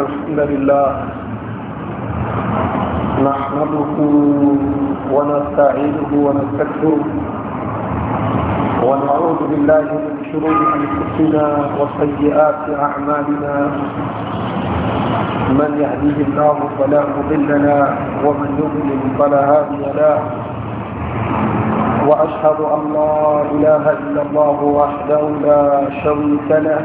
الحمد لله نحمده ونستعينه ونستكثره ونعوذ بالله من شرور أنفسنا وسيئات أعمالنا من يهديه الله فلا مضل له ومن يضلل فلا هادي له وأشهد أن لا إله إلا الله وحده لا شريك له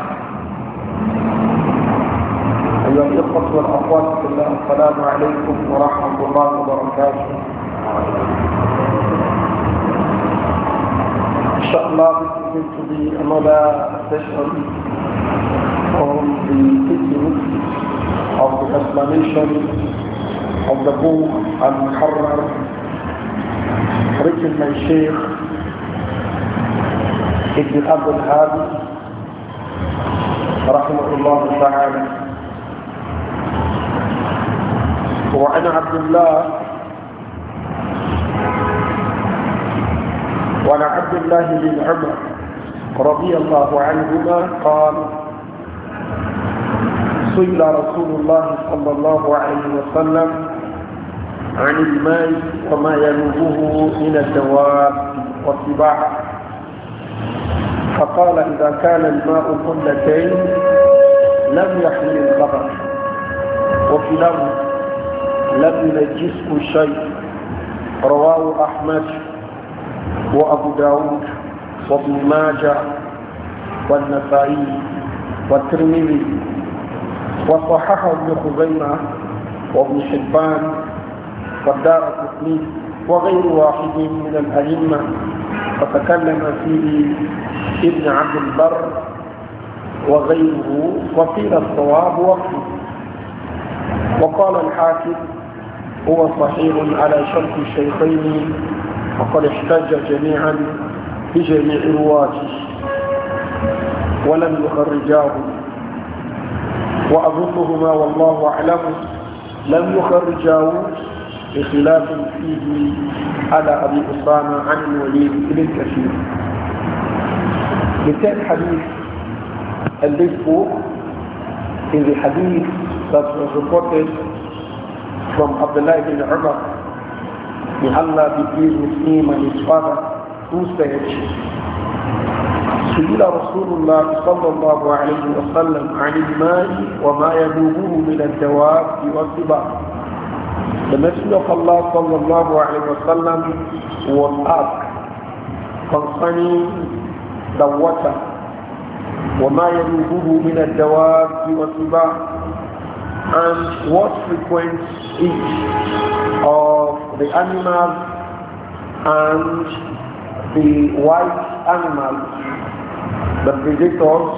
أيها الأخوة والأخوات في الله السلام عليكم ورحمة الله وبركاته. إن شاء الله بإذن الله أنا لا أستشعر from the teaching of the explanation of the book Al-Muharrar written by رحمه الله تعالى وعن عبد الله وعن عبد الله بن عمر رضي الله عنهما قال سئل رسول الله صلى الله عليه وسلم عن الماء وما ينوبه من الدواب والطباع فقال إذا كان الماء قلتين لم يحمل الخبر وكلاهما لم ينجسه شيء رواه أحمد وأبو داود وابن ماجه والنسائي والترمذي وصححه ابن خزيمة وابن حبان والدار القطني وغير واحد من الأئمة فتكلم فيه ابن عبد البر وغيره وقيل الصواب وقيل وقال الحاكم هو صحيح على شرط الشيخين وقد احتج جميعا بجميع رواته ولم يخرجاه وأظنهما والله أعلم لم يخرجاه بخلاف فيه على أبي أسامة عن الوليد بن كثير بالتالي حديث الذي في is that was reported from Abdullah ibn Umar, may Allah be pleased with him and his father, who said, سئل رسول الله صلى الله عليه وسلم عن الماء وما يذوبه من الدواب والسباع. The Messenger of Allah صلى الله عليه وسلم was asked concerning the water وما يذوبه من الدواب والسباع and what frequents each of the animals and the wild animals, the predators,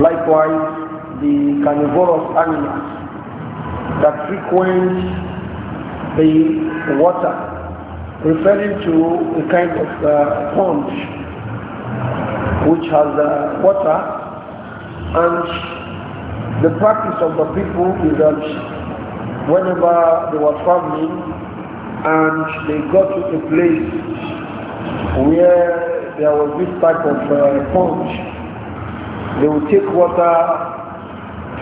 likewise the carnivorous animals that frequent the water, referring to a kind of uh, pond which has uh, water and the practice of the people is that whenever they were traveling and they got to a place where there was this type of uh, pond, they would take water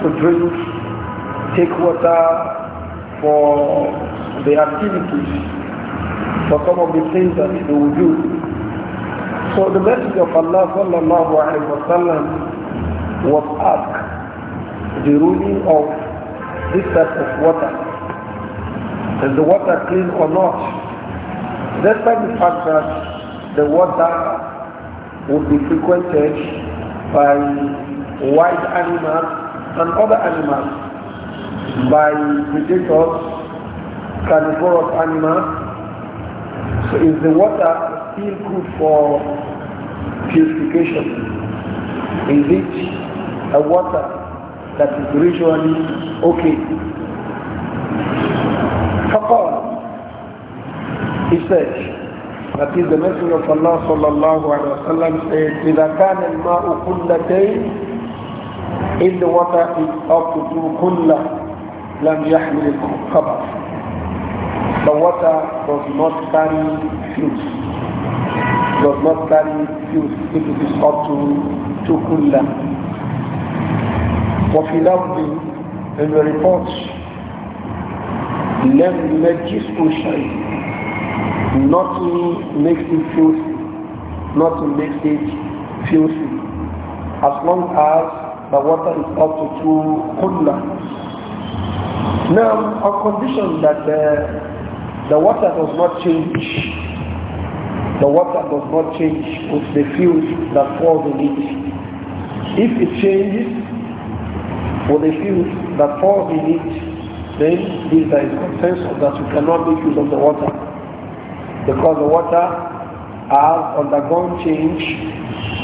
to drink, take water for the activities, for some of the things that they would do. So the message of Allah sallallahu alayhi wa sallam was asked the ruling of this type of water. Is the water clean or not? Despite the fact that uh, the water would be frequented by wild animals and other animals, by predators, carnivorous animals. So is the water still good for purification? Is it a water that is usually okay. فقال he said that is the message of Allah صلى الله عليه وسلم said إذا كان الماء قلتين if the water is up to two kulla لم يحمل الخبر the water does not carry fumes does not carry fumes if it is up to two kulla وفي لفظ in the let لم يجسه شيء to makes it filthy to makes it filthy as long as the water is up to two kudla now on condition that the, the water does not change the water does not change with the fuel that falls in it. If it changes, for the few that fall in it, then this is a consensus that you cannot make use of the water because the water has undergone change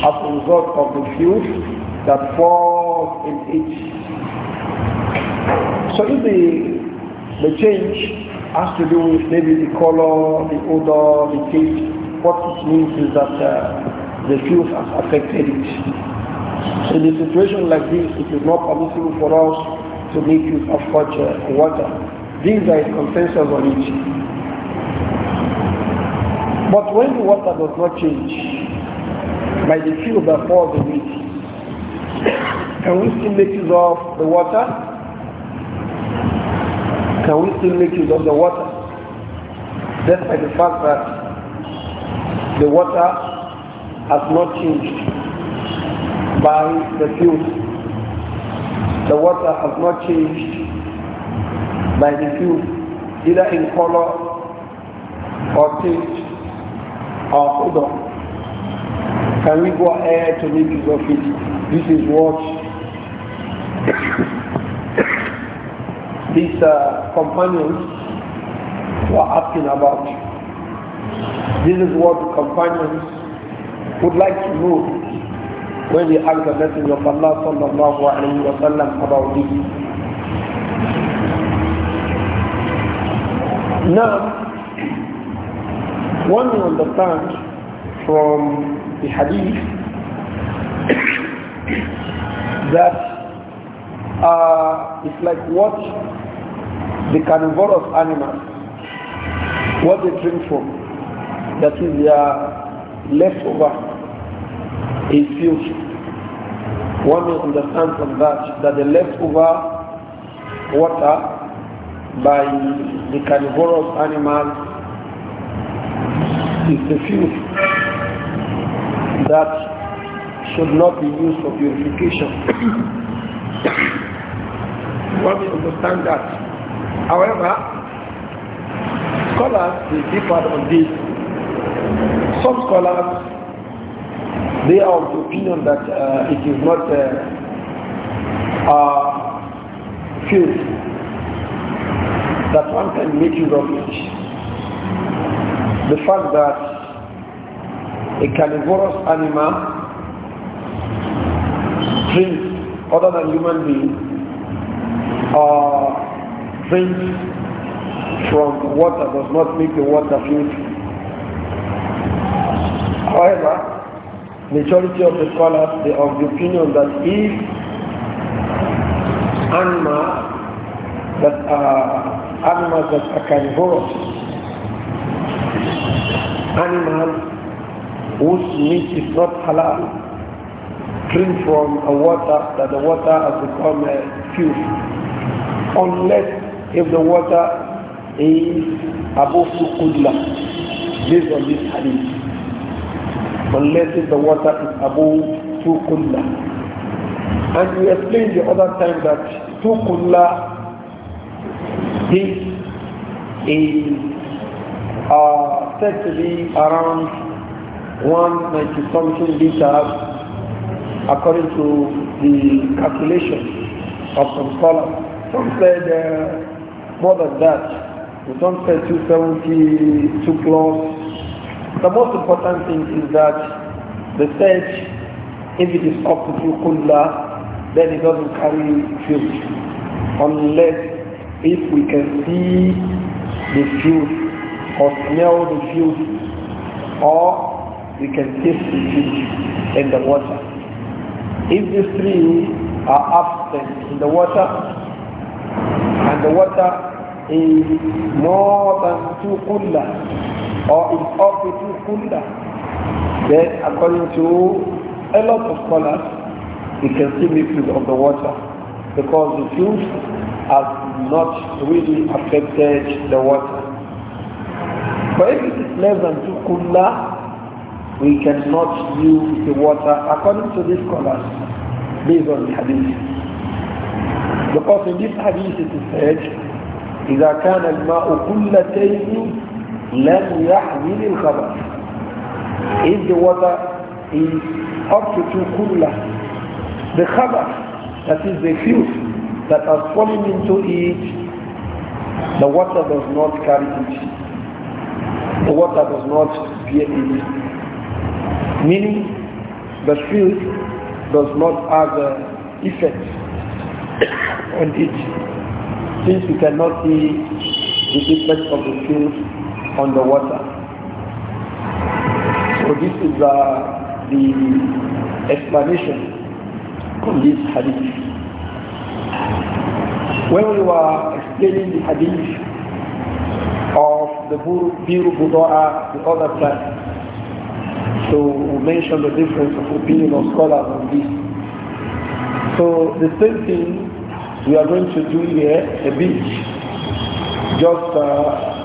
as a result of the fuel that fall in it. So if the, the change has to do with maybe the color, the odor, the taste, what it means is that uh, the fuel has affected it. In a situation like this, it is not permissible for us to make use of such uh, water. These are consensus on it. But when the water does not change, by the field that falls in it, can we still make use of the water? Can we still make use of the water? Despite the fact that the water has not changed by the fuel, The water has not changed by the fuel, either in color or taste or odor. Can we go ahead to make use of it? This is what these uh, companions were asking about. This is what the companions would like to know when we ask the Messenger of Allah sallallahu alayhi wa sallam about this. Now, one we understand from the hadith that uh, it's like what the carnivorous animals, what they drink from, that is their leftover is future. One may understand from that that the leftover water by the carnivorous animals is the fuel that should not be used for purification. One may understand that. However, scholars differ on this. Some scholars they are of the opinion that uh, it is not uh, uh, that one can make use of it. The fact that a carnivorous animal drinks other than human beings uh, drinks from water does not make the water filthy. However, majority of the scholars they are of the opinion that if animal that uh, animals that are carnivorous, animals whose meat is not halal, drink from a water that the water has become a fuel, unless if the water is above the kudla, based on this hadith unless the water is above two kulla. And we explained the other time that two kulla this is uh, said to be around 190 something liters according to the calculation of some scholars. Some said uh, more than that. Some said 270, 2 plus the most important thing is that the search, if it is up to Kullah, then it doesn't carry filth. Unless if we can see the filth or smell the filth or we can taste the filth in the water. If these three are absent in the water and the water is more than two kullah or is up with you kunda. Then according to a lot of scholars, you can see mixes of the water because the fuel has not really affected the water. But if it is less than two kunda, we cannot use the water according to these scholars based on the hadith. Because in this hadith it is said, إذا كان الماء كلتين لم يحمل الخبر if the water is up to two the khabar that is the field that has fallen into it the water does not carry it the water does not bear it meaning the field does not have an effect on it since we cannot see the effect of the field on the water. So this is uh, the explanation on this hadith. When we were explaining the hadith of the Biru Buddha the other time, so we mentioned the difference of opinion of scholars on this. So the same thing we are going to do here a bit, just uh,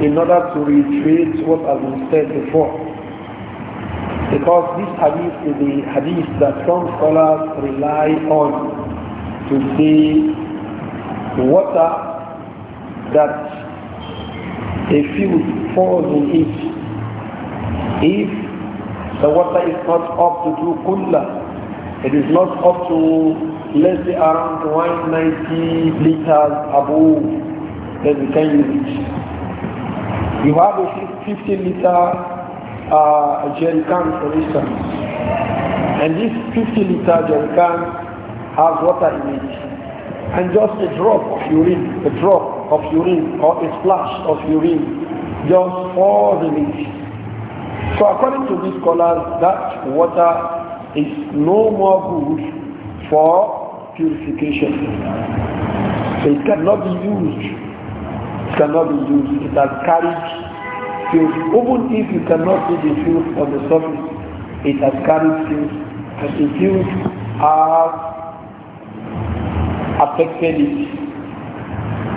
in order to reiterate what has been said before. Because this hadith is the hadith that some scholars rely on to say water that a you falls in it. If the water is not up to two kulla, it is not up to let's say around 190 liters above, then we can use it. You have a 50 liter uh, jerry can for instance. And this 50 liter jerry can has water in it. And just a drop of urine, a drop of urine or a splash of urine just falls in it. So according to these scholars, that water is no more good for purification. So it cannot be used cannot be used. It has carried fumes. Even if you cannot see the fumes on the surface, it has carried fumes. And the fumes have affected it.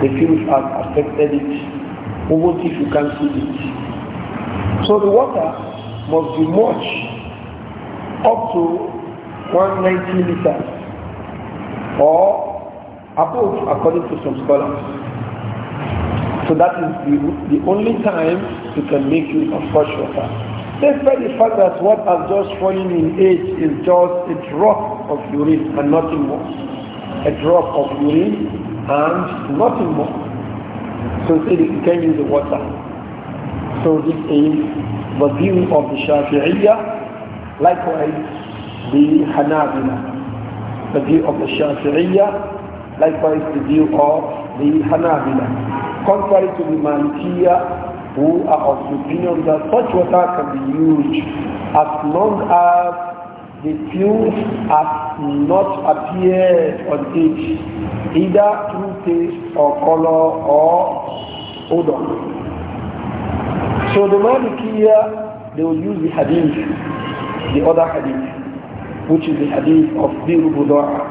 The fumes have affected it. Even if you can see it. So the water must be much up to 190 liters or above according to some scholars. So that is the, the only time you can make use of such water. Despite the fact that what has just fallen in age is just a drop of urine and nothing more. A drop of urine and nothing more. So say you can use the water. So this is the view of the Shafi'iyya. Likewise, the Hanabila. The view of the Shafi'iyya. Likewise, the view of the Hanabila, contrary to the Malikiya, who are of the opinion that such water can be used as long as the fumes has not appeared on it, either through taste or color or odor. So the Malikiya, they will use the hadith, the other hadith, which is the hadith of Biru Budara.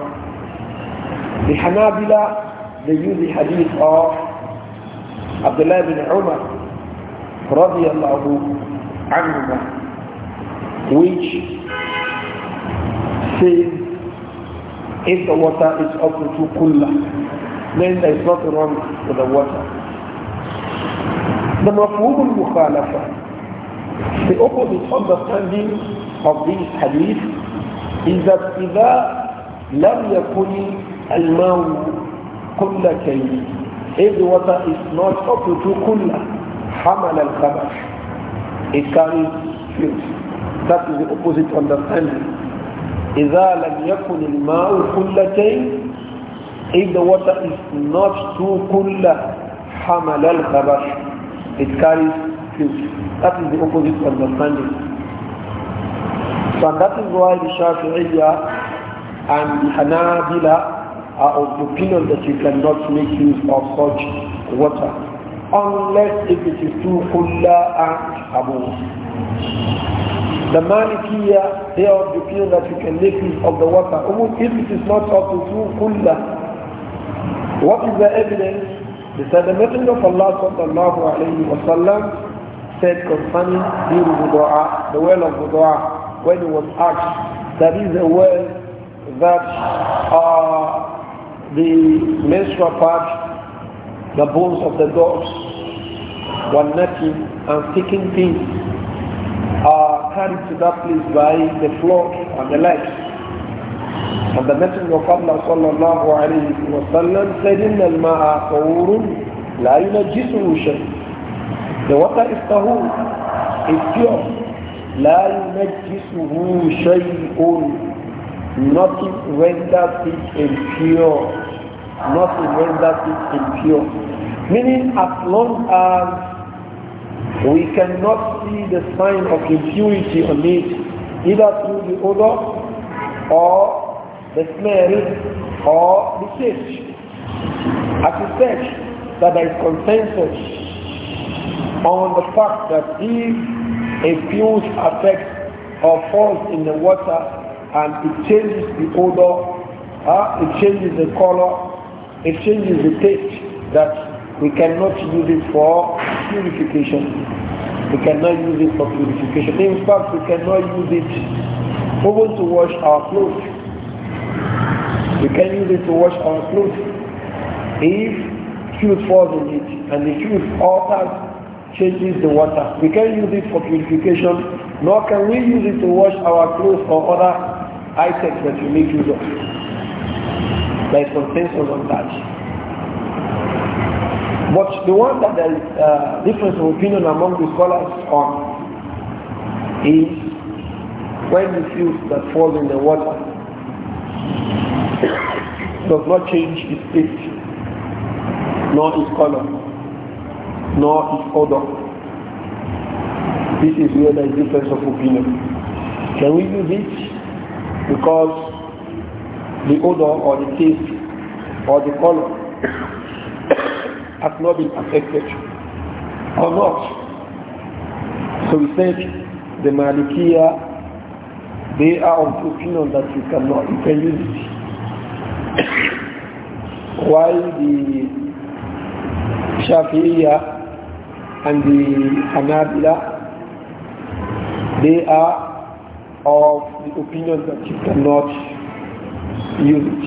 The Hanabila they use the hadith of Abdullah bin Umar radiallahu anhu which says if the water is up to kulla then there is nothing wrong with the water the mafhum al-mukhalafa the opposite understanding of this hadith is that إذا لم يكن الماء if the water is not up to Hamal al الخبر it carries fruit that is the opposite understanding إذا لم يكن الماء كل if the water is not to Hamal al الخبر it carries fruit that is the opposite understanding so that is why the Shafi'iyya and the Hanabila are of the opinion that you cannot make use of such water unless if it is through kulla and Abu. The Malikiya, they are of the opinion that you can make use of the water even if it is not of the true kulla. What is the evidence? They said the Messenger of Allah sallallahu alayhi wa sallam said concerning the Budu'a, the well of Budu'a, when he was asked, that is a well that uh, the menstrual part, the bones of the dogs, one napkin, and sticking things are carried to that place by the flock and the legs. And the Messenger of Allah sallallahu alayhi wa sallam said, إِنَّ الْمَاءَ طَهُورٌ لَا يُنَجِّسُهُ شَيْءٌ The water is tahur, it's pure. لَا يُنَجِّسُهُ شَيْءٌ Nothing renders it impure. Nothing renders it impure. Meaning as long as we cannot see the sign of impurity on it, either through the odor or the smell or the taste. As we said, that there is consensus on the fact that if a fuse affects or falls in the water and it changes the odor, uh, it changes the color, it changes the taste that we cannot use it for purification. We cannot use it for purification. In fact, we cannot use it even to wash our clothes. We can use it to wash our clothes. If fuel falls in it and the fuel alters, changes the water. We can use it for purification, nor can we use it to wash our clothes or other items that you make use of. There is consensus on that. But the one that there is uh, difference of opinion among the scholars on is when the fuel that falls in the water does not change its taste, nor its color, nor its odor. This is where there is difference of opinion. Can we do this? because the odor or the taste or the color has not been affected or not. So we said the Malikiya, they are of the opinion that you cannot, you can use it. While the Shafi'iyya and the Hanabila, they are of opinion that you cannot use it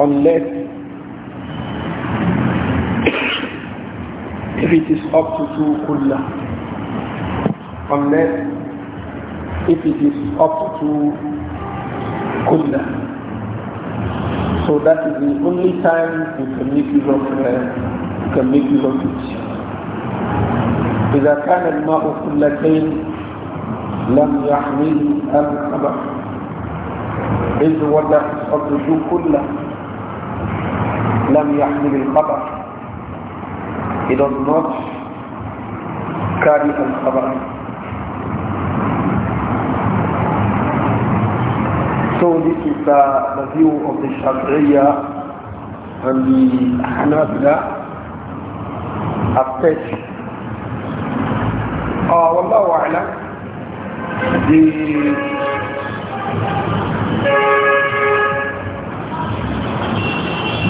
unless if it is up to two kulla unless if it is up to two kulla so that is the only time you can make use of uh, you can make use of it إذا كان الماء كلتين لم يحمل الخبر إذ ولا الصدر كله لم يحمل الخبر إذا does not الخبر So this is the, the view of the Shafi'iyya and the Hanabila approach. Uh, Wallahu A'lam. the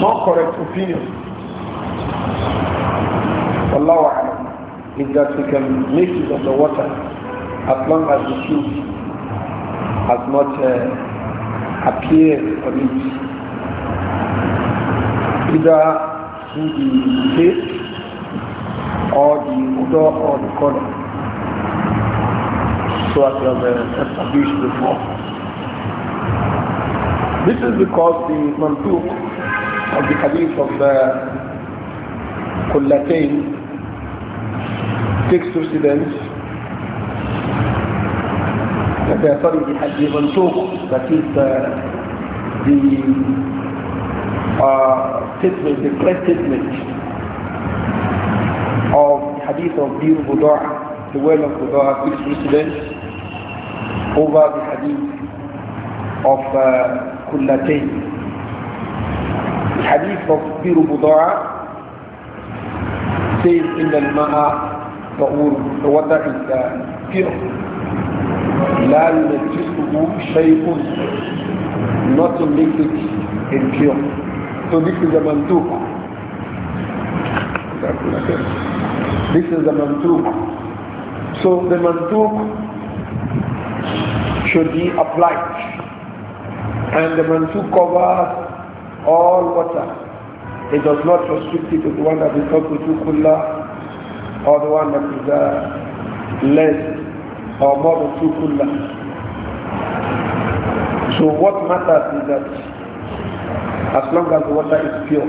more correct opinion Allah is that we can make use of the water as long as the food has not uh, appeared on it either through the taste or the odor or the color so as we have established before. This is because the mantuq of the hadith of the Kullatain takes precedence that they are sorry, the hadith mantuq, that is the, uh, the uh, statement, the press statement of the hadith of Bir Buda'a, the well of Buda'a takes precedence over the hadith of uh, The hadith of Biru Buda'a says in the Maha Ta'ur, the water is uh, pure. لا ينجسه شيء to make it pure. So this is a Mantuq. This is a Mantuq. So the Mantuq should be applied. And the mantu covers all water. It does not restrict it to the one that is called kutukulla or the one that is uh, less or more than tukulla. So what matters is that as long as the water is pure,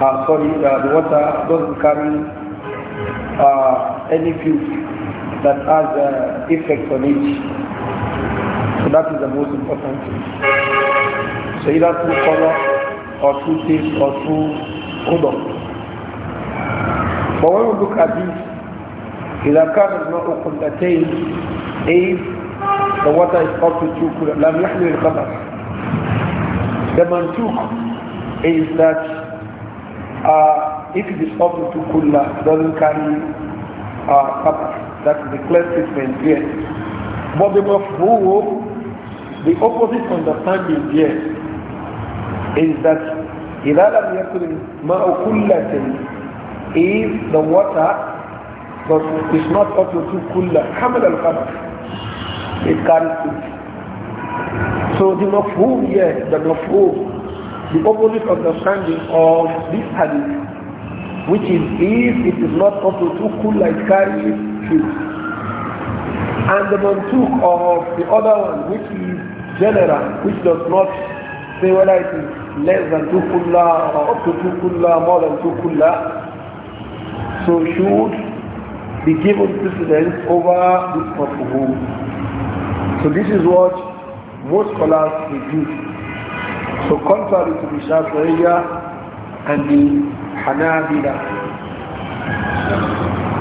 uh, sorry, uh, the water doesn't carry uh, any fuel that has uh, effect on it. So that is the most important thing. So either through color or through taste or through odor. But when we look at this, إذا not open. قلتين if the water is up to two قلت The mantuk is that uh, if it is up to two kulla, it doesn't carry uh, That is the clear statement here. But the mafhum the opposite understanding here is that إذا لم يكن الماء كل if the water but it's not up to كل حمل الخبر it carries it. So the mafhum here, the mafhum, the opposite understanding of this hadith, which is if it is not up to two kulla, it carries two. And the mantuk of the other one, which is general which does not say whether it is less than two kulla or up to two kulla, more than two kulla. So should be given precedence over this mafhum. So this is what most scholars do. So contrary to the Shafi'iyya and the Hanabila.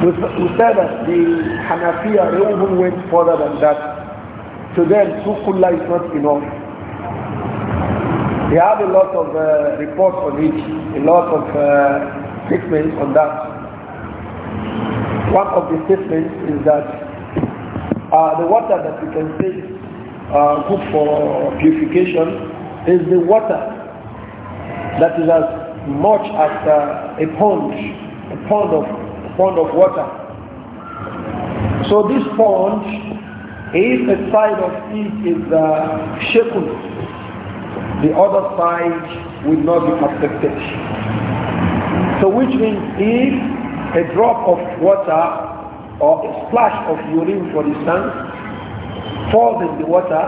We said that the Hanafiya even went further than that to them, two kulla is not enough. They have a lot of uh, reports on it, a lot of uh, statements on that. One of the statements is that uh, the water that we can take uh, good for purification is the water that is as much as uh, a pond, a pond of pond of water. So this pond if a side of it is uh, shakul, the other side will not be affected. So which means if a drop of water or a splash of urine for instance falls in the water,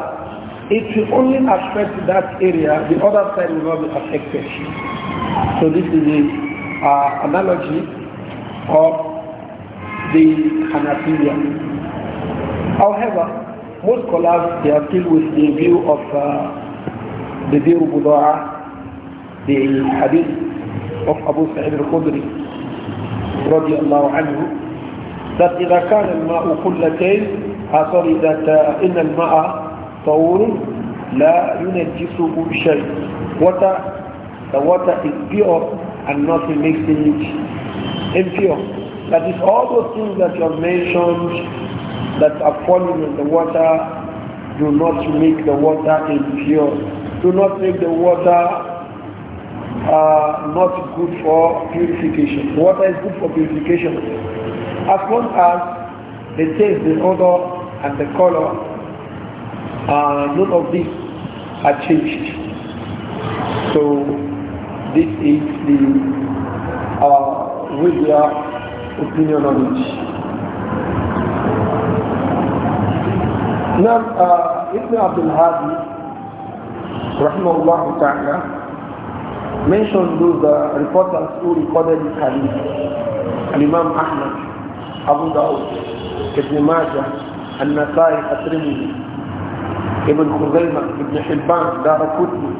it will only affect that area, the other side will not be affected. So this is the uh, analogy of the Hanafiya. However, most scholars they are still with the view of uh, the Dir Budaa, the hadith of Abu Sa'id al-Khudri رضي الله عنه that إذا كان الماء قلتين ah, sorry that uh, إن الماء طور لا ينجسه شيء water the water is pure and nothing makes it impure that is all those things that you have mentioned that are falling in the water do not make the water impure. Do not make the water uh, not good for purification. Water is good for purification. As long as the taste, the odor, and the color, uh, none of these are changed. So this is the uh, your opinion on it. نعم آه، ابن عبد الهادي رحمه الله تعالى mention do the reporters who recorded the الإمام أحمد أبو داود ابن ماجه النسائي الترمذي ابن خزيمة ابن حبان دار كتبه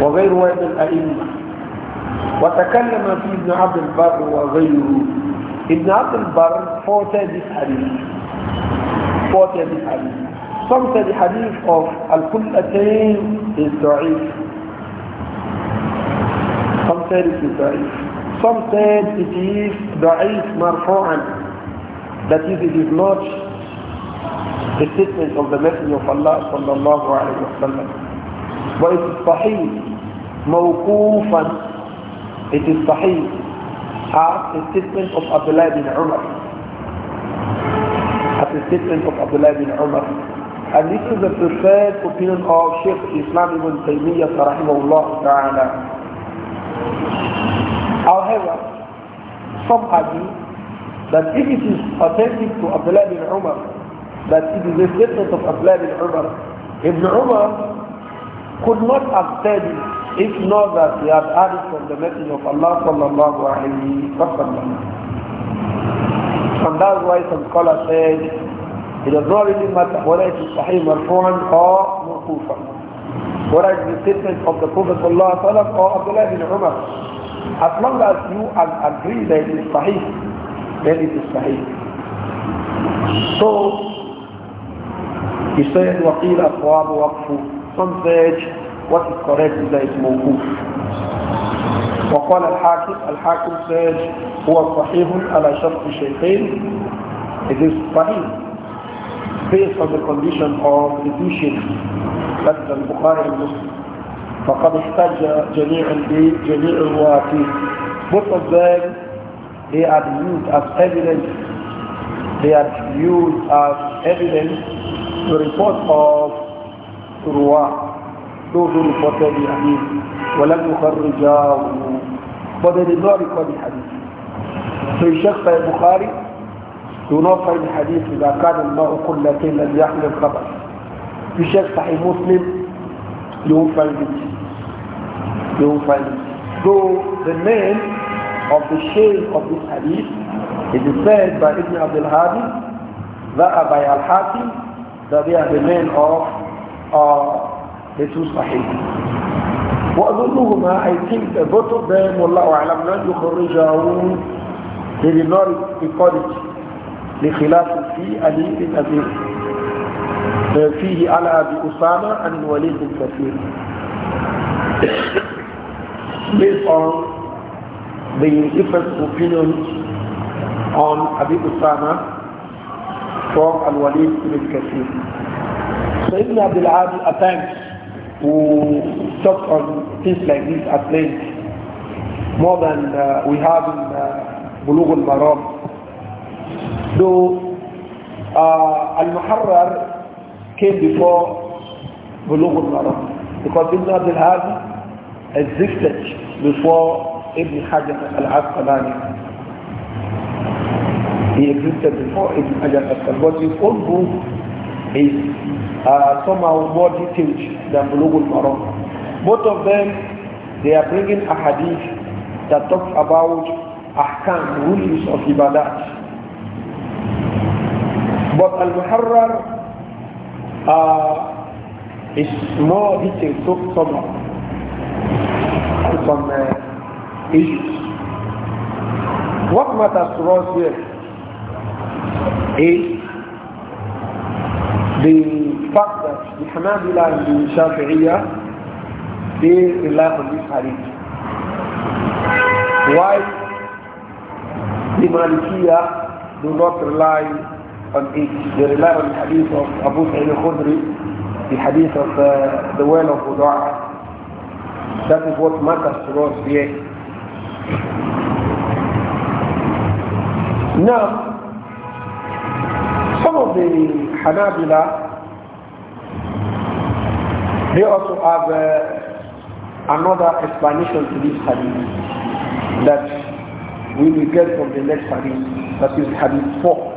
وغير واحد الأئمة وتكلم في ابن عبد البر وغيره ابن عبد البر فوت فوتى بالحديث hadith. Some say the hadith of Al-Qullatayn is da'if. Some say it is da'if. Some say it is da'if marfu'an. That is, it is not the statement of the Messenger of Allah sallallahu alayhi wa sallam. But it is sahih, mawkufan. It is sahih as a statement of Abdullah bin Umar the statement of Abdullah bin Umar. And this is the preferred opinion of Sheikh Islam ibn Taymiyyah rahimahullah ta'ala. However, some argue that if it is authentic to Abdullah bin Umar, that it is a statement of Abdullah bin Umar, Ibn Umar could not have said it if not that he had heard it from the message of Allah sallallahu alayhi wa sallam. And that's why some scholars said it does not really matter whether it is Sahih Marfu'an or Mawqufan. Whether it is the statement of the Prophet Sallallahu Alaihi or Abdullah bin Umar. As long as you agree that it is Sahih, then it is Sahih. So, he said, وَقِيلَ أَصْوَابُ وَقْفُ Some said, what is correct is that it's موقوف وقال الحاكم الحاكم says هو صحيح على شرط الشيخين it is صحيح based on the condition of the two sheikhs مثل البخاري ومسلم فقد احتج جميع جميع الرواة both of them they are used as evidence they are used as evidence the report of ruwah محفوظ فتدي أمين ولم يخرجاه فتدي ذلك فتدي حديث في شخص البخاري ينوفى الحديث إذا كان الماء كل تين لم يحمل خبر في شخص صحيح مسلم ينوفى الحديث ينوفى الحديث So the name of the shame of this hadith It is said by Ibn Abdul Hadi, that by Al Hakim, that they are the men of uh, the two Sahih. وأظنهما I think both of them والله أعلم لن يخرجه they did not record it لخلاف في علي بن أبي فيه على أبي أسامة عن الوليد الكثير based on the different opinions on Abi Usama from Al-Walid ibn Kathir. So Ibn Abdul Adi attempts who talk on things like this at length, more than uh, we have in uh, Bulugh al-Maram. Though uh, Al-Muharrar came before Bulugh al-Maram because Ibn Abdul Hadi existed before Ibn Hajar al-Asqalani. He existed before Ibn Hajar al-Asqalani, but his own book is uh, somehow more detailed than Bulugul Maram. Both of them, they are bringing a hadith that talks about ahkam, rules of ibadat. But Al-Muharrar uh, is more detailed so, some some uh, issues. What matters to us here is the fact that the Hanabila and the Shafi'iyah, they rely on this hadith. Why the Malikiyah do not rely on it? They rely on the hadith of Abu Sa'id al-Khudri, the hadith of the uh, the well of Uda'a. That is what matters to us here. Now, some of the الحنابلة they also have uh, another explanation to this hadith that we will get from the next hadith, that is hadith 4.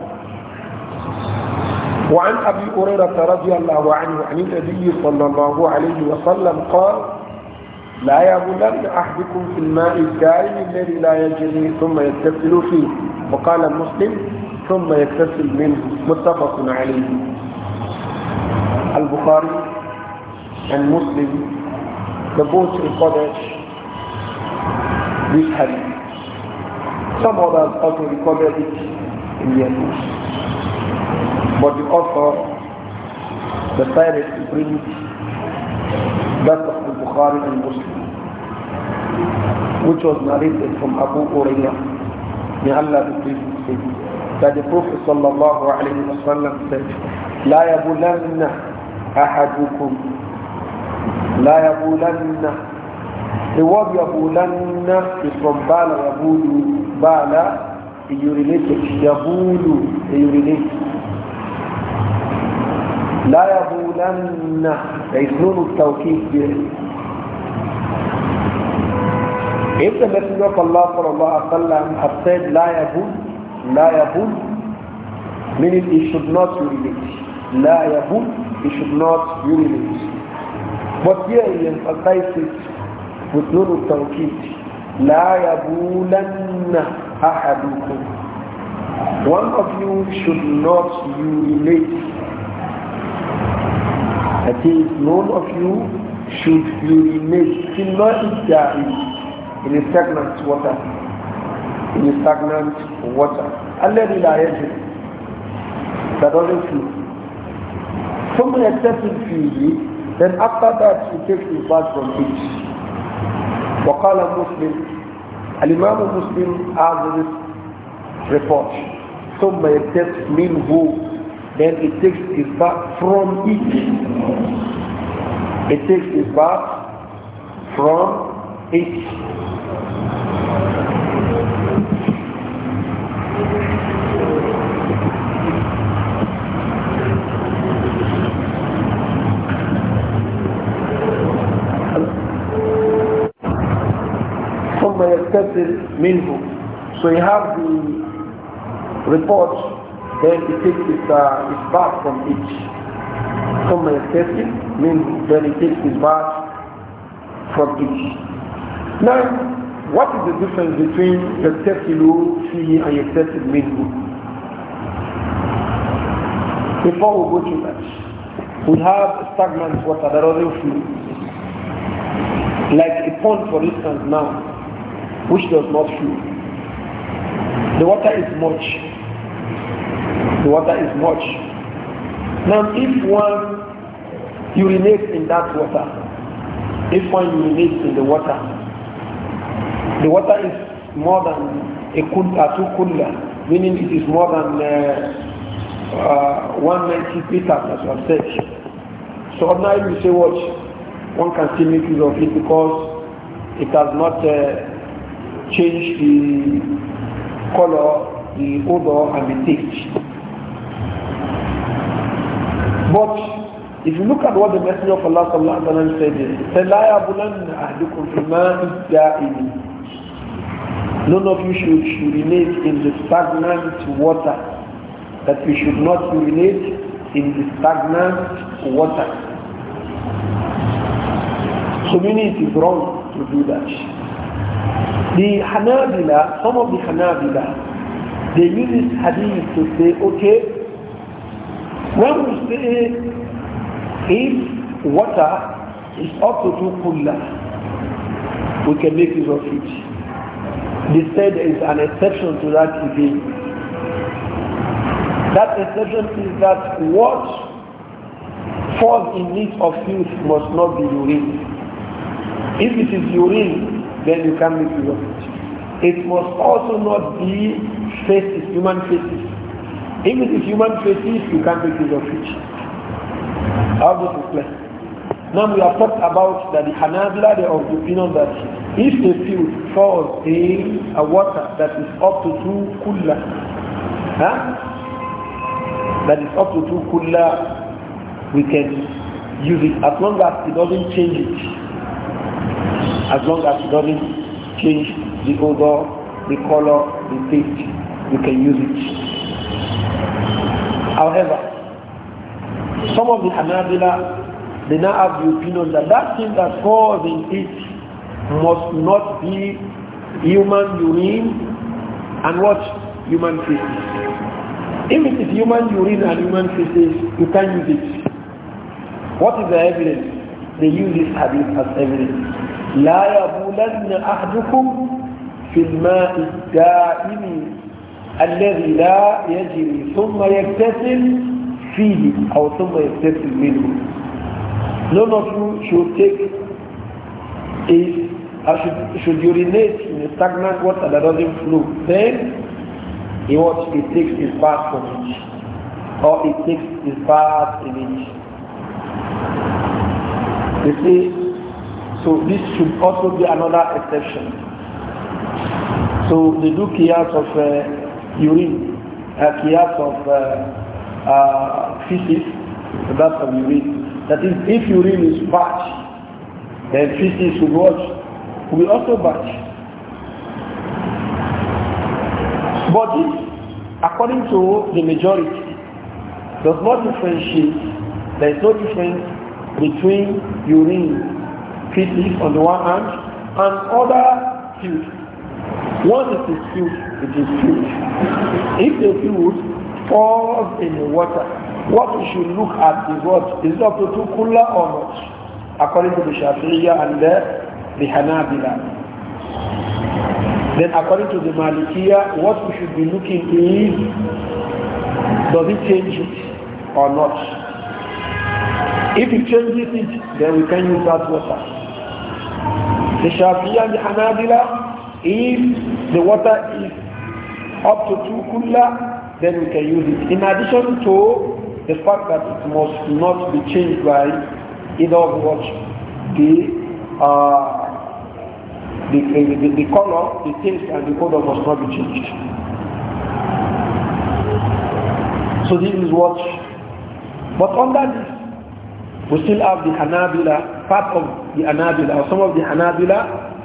وعن أبي هريرة رضي الله عنه عن النبي صلى الله عليه وسلم قال لا يبولن أحدكم في الماء الدائم الذي لا يجري ثم يتكل فيه وقال المسلم ثم يكتسب منه متفق عليه البخاري المسلم Muslim القدش both some others also recorded it in their books but the author decided to bring that of the Bukhari and Muslim which was narrated from Abu Uriya may Allah be pleased بعد الروح صلى الله عليه وسلم لا يبولن أحدكم لا يبولن رواب يبولن يصرم بالا يبول بالا يوريليك يبول يوريليك لا يبولن يسنون التوكيد به إذا بسم الله صلى الله عليه وسلم أفسد لا يبول La yabul, meaning he should not urinate. La yabul, he should not urinate. But here he emphasizes with no tawkid. لا يبولن أحدكم One of you should not urinate. That is, none of you should urinate. Still not if there is in a stagnant water in stagnant water. الذي لا يجري that doesn't flow. Someone it freely, then after that he takes his bath from it. وقال مسلم الإمام مسلم has this report ثم يكتب منه then it takes his bath from it. It takes his bath from it. ثم يغتسل منه so you have the report then he takes its, uh, his bath from each ثم يغتسل منه then he takes its bath from each now what is the difference between yaktasilu tree and yaktasil minhu? Before we go to that, we have stagnant water that doesn't flow. Like a pond, for instance, now, which does not flow. The water is much. The water is much. Now, if one urinates in that water, if one urinates in the water, the water is more than a kunta two kulla, meaning it is more than uh, uh, 190 liters, as I said. So ordinarily you say what? One can still make use of it because it has not uh, changed the color, the odor, and the taste. But if you look at what the Messenger of Allah sallallahu alaihi wasallam said, يَبُلَنَّ فِي None of you should urinate in the stagnant water. That you should not urinate in the stagnant water. So is wrong to do that. The Hanabila, some of the Hanabila, they use this hadith to say, okay, when we say if water is up to two kullah, we can make use of it the said is an exception to that today. That exception is that what falls in need of youth must not be urine. If it is urine, then you can make use of it. It must also not be faces, human faces. If it is human faces, you can make use of it. How does it play? Now we have talked about that the Hanabila, they are of the opinion that if a field falls in a water that is up to two kulla, huh? that is up to two kulla, we can use it as long as it doesn't change it. As long as it doesn't change the odor, the color, the taste, we can use it. However, some of the Hanabila, they now have the opinion that that thing that falls in it must not be human urine and what? Human feces. If it is human urine and human feces, you can't use it. What is the evidence? They use this hadith as evidence. لا يبولن أحدكم في الماء الدائم الذي لا يجري ثم يغتسل فيه أو ثم يغتسل منه. None of you should take is I should, should urinate in stagnant water that doesn't flow. Then he what he takes his bath from it. Or he takes his bath in it. They so this should also be another exception. So they do chaos of uh, urine, uh, chaos of uh, uh, feces, that's of urine. That is, if urine is bad, then three things will watch will also batch. But this, according to the majority, does not differentiate. There is no difference between urine, feces on the one hand, and other food. Once it is food, it is food. If the food falls in the water, what we should look at is what is up to kula or not according to the Shafi'iyya and the, the Hanabila. Then according to the Malikiya, what we should be looking is, does it change it or not? If it changes it, then we can use that water. The Shafi'iyya and the Hanabila, if the water is up to two kulla, then we can use it. In addition to the fact that it must not be changed by either of what the, uh, the, the, the, color, the taste, and the color must not be changed. So this is what. But under this, we still have the Hanabila, part of the Hanabila, or some of the Hanabila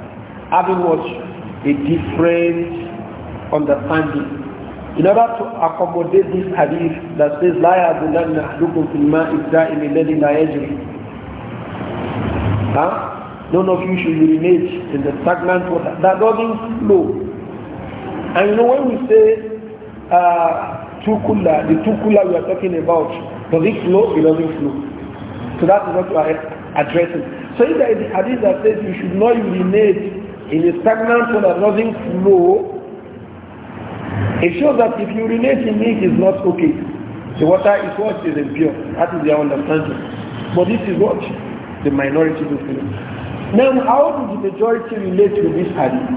having what a different understanding. In order to accommodate this hadith that says, لا يعبدن أحدكم في الماء الدائم الذي لا يجري Huh? None of you should urinate in the stagnant water. That doesn't flow. And you know when we say uh, tukula, the tukula we are talking about, does it flow? It doesn't flow. So that is what we are addressing. So if there is a hadith that says you should not urinate in a stagnant water that doesn't flow, it shows that if you urinate in it is not okay. The water is what is impure. That is their understanding. But this is what the minority do Muslims. Now, how does the majority relate to this hadith?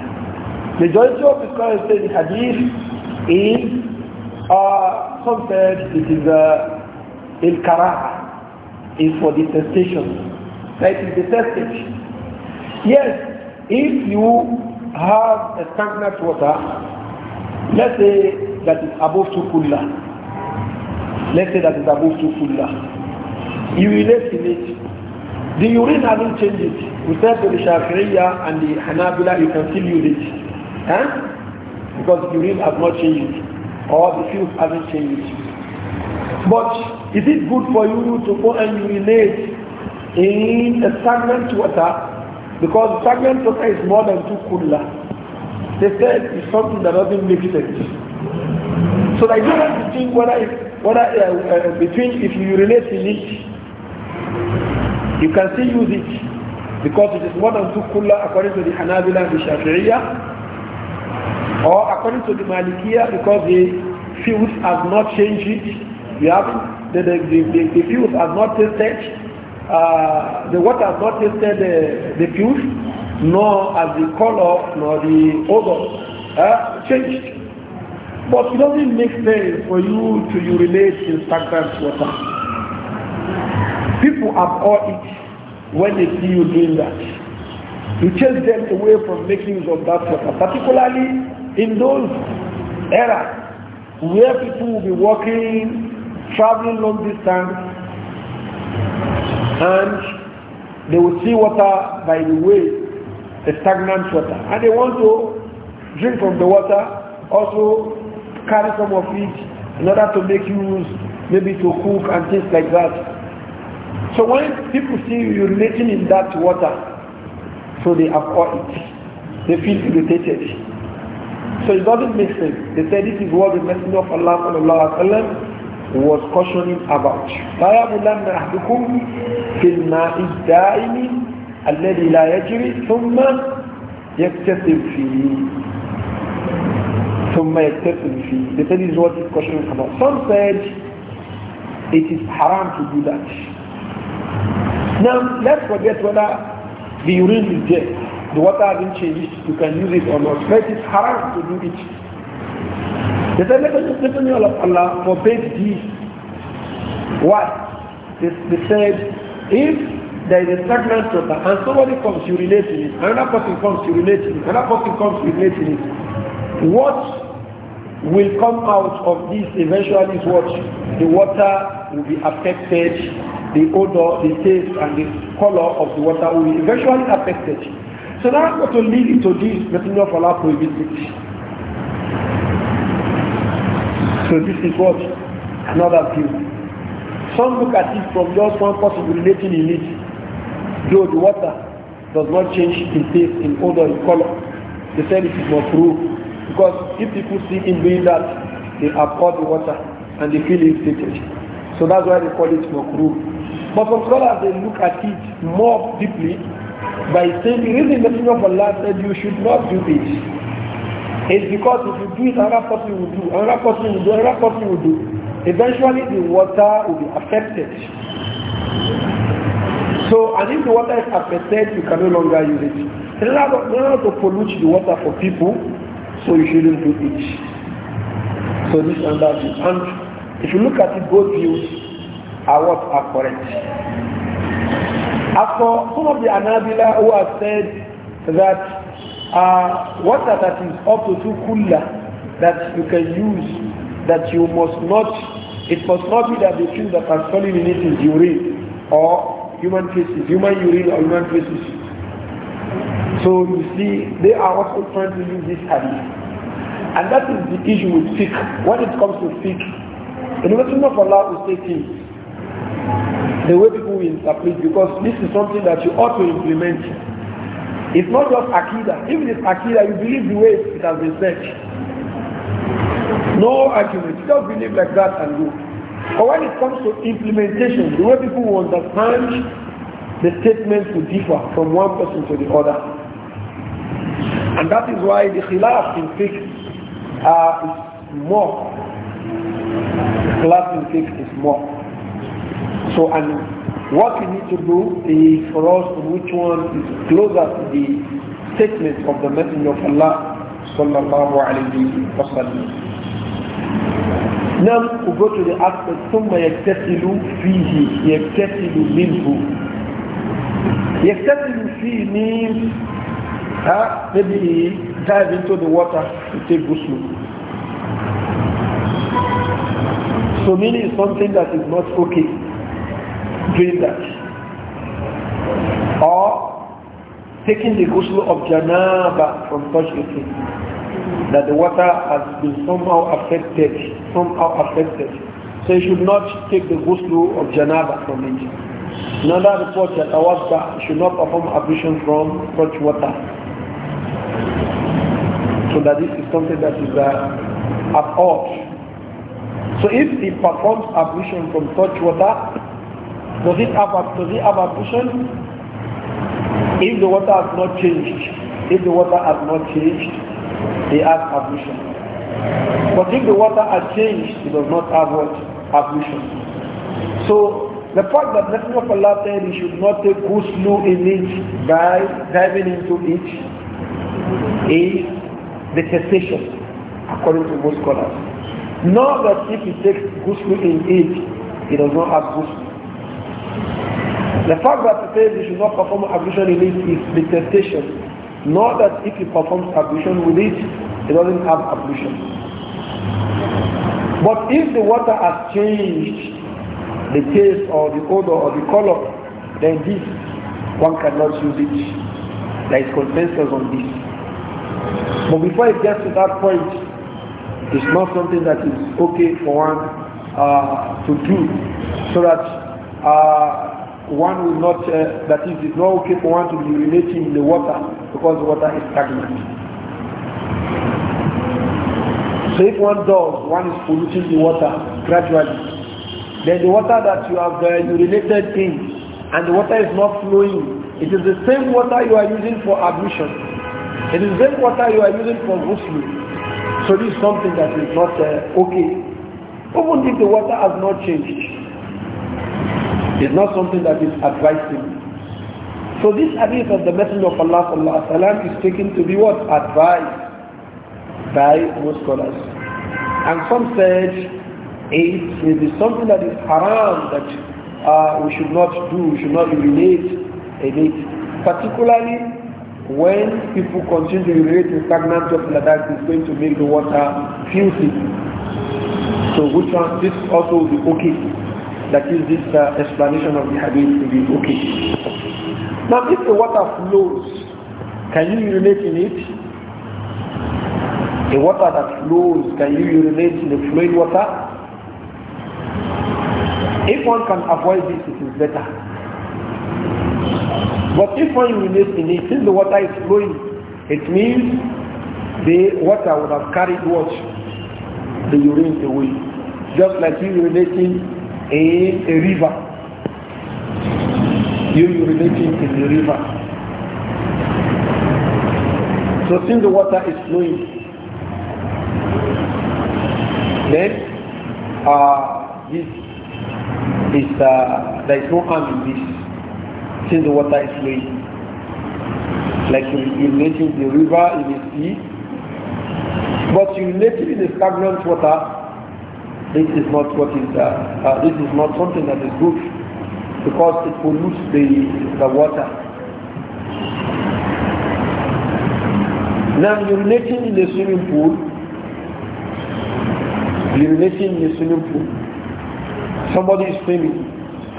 Majority of the scholars say the hadith is, uh, some said it is uh, il karaha is for the testation. That is the testation. Yes, if you have a stagnant water, let's say that is above two kulla. Let's say that is above two kulla. You relate in it the urine hasn't changed it. We said to the Shafi'iyya and the Hanabila, you can still use it. Because urine has not changed Or the fuel hasn't changed But is it good for you to go and urinate in a stagnant water? Because stagnant water is more than two kudla. They said it's something that doesn't make sense. So the difference between whether, whether uh, uh, between if you urinate in it you can still use it because it is more than two kulla according to the Hanabila and the Shafi'iyah or according to the Malikiya because the fields have not changed it. You have the, the, the, the, the fields have not tested. uh, the water has not tested the, the fields, nor has the color nor the odor uh, changed. But it doesn't make sense for you to urinate in stagnant water. People abhor it when they see you doing that. You chase them away from making use of that water, particularly in those eras where people will be walking, traveling long distance, and they will see water by the way, a stagnant water. And they want to drink from the water, also carry some of it in order to make use, maybe to cook and things like that. So when people see you urinating in that water, so they avoid it. They feel irritated. So it doesn't make sense. They say this is what the Messenger of Allah وسلم, was cautioning about. فَيَبُلَنَّ أَحْدُكُمْ فِي الْمَاءِ الدَّائِمِ الَّذِي لَا يَجْرِي ثُمَّ يَكْتَسِبْ فِيهِ ثم يكتسب فيه. They said this is what what is cautioning about. Some said it is haram to do that. Now, let's forget whether the urine is dead. The water has been changed. You can use it or not. But it's hard to do it. The Messenger of Allah forbade this. Why? they said, if there is a stagnant water and somebody comes urinating it, another person comes urinating it, another person comes urinating it, what will come out of this eventually is what? The water will be affected the odor, the taste, and the color of the water will be eventually affected. So that's what will lead to this Messenger of Allah prohibits it. So this is what another view. Some look at it from just one possible relating in it, though the water does not change in taste, in odor, in color. They this it is not true. Because if people see in doing that, they abhor the water and they feel irritated. So that's why they call it makruh. But some scholars, they look at it more deeply by saying the reason the Messenger of Allah said you should not do this it is because if you do it, another person will do, another person will do, another person will do. Eventually the water will be affected. So, and if the water is affected, you can no longer use it. In order, in to pollute the water for people, so you shouldn't do it. So this and that. And if you look at it both views, are what are correct. As for some of the Anabila who have said that uh, water that is up to two kulla that you can use, that you must not, it must not be that the thing that are falling in it is urine or human feces, human urine or human feces. So you see, they are also trying to use this hadith. And that is the issue with fiqh. When it comes to fiqh, the Messenger of Allah is say the way people will interpret because this is something that you ought to implement. It's not just Akida. Even if Akida, you believe the way it has been said. No argument. You just believe like that and go. But when it comes to implementation, the way people will understand the statements will differ from one person to the other. And that is why the khilaf in fiqh uh, is more. The khilaf in fiqh is more. So, and what we need to do is for us which one is closer to the statement of the Messenger of Allah sallallahu alayhi wa sallam. Now we go to the aspect ثم يكتسل fihi, يكتسل minhu. يكتسل فيه means uh, maybe dive into the water to take ghusl. So meaning is something that is not okay doing that. Or taking the ghusl of janaba from such a thing. That the water has been somehow affected, somehow affected. So you should not take the ghusl of janaba from it. Another report that I was should not perform ablution from such water. So that this is something that is uh, at odds. So if he performs ablution from such water, does it have a, does it have absorption? If the water has not changed, if the water has not changed, it has admission. But if the water has changed, it does not have what? So the fact that Messenger of Allah said he should not take ghusl in it by diving into it is the cessation, according to most scholars. Not that if he takes ghusl in it, he does not have ghusl. The fact that it says you should not perform ablution in it is the temptation. Not that if he performs ablution with it, he doesn't have ablution. But if the water has changed the taste or the odor or the color, then this one cannot use it. There is consensus on this. But before it gets to that point, it's not something that is okay for one uh, to do so that uh, one will not, uh, that is, it's not okay for one to be relating in the water because the water is stagnant. So if one does, one is polluting the water gradually. Then the water that you have uh, related in and the water is not flowing, it is the same water you are using for ablution. It is the same water you are using for ghusl. So this is something that is not uh, okay. Even if the water has not changed, it's not something that is advising. So this hadith of the Messenger of Allah Allah is taken to be what? Advised by most scholars. And some said it may be something that is haram that uh, we should not do, we should not urinate in it. Particularly when people continue to urinate in stagnant water like that is going to make the water filthy. So which one, this also will be okay. That is this uh, explanation of the hadith to be okay. Now if the water flows, can you urinate in it? The water that flows, can you urinate in the flowing water? If one can avoid this, it is better. But if one urinates in it, since the water is flowing, it means the water would have carried what? The urine away. Just like you urinating in a river. You urinating in the river. So since the water is flowing, then uh, this is uh, there is no harm in this since the water is flowing. Like you urinating in the river, in the sea, but urinating in the stagnant water this is not what is uh, uh, this is not something that is good because it pollutes the the water. Now urinating in the swimming pool, urinating in the swimming pool. Somebody is swimming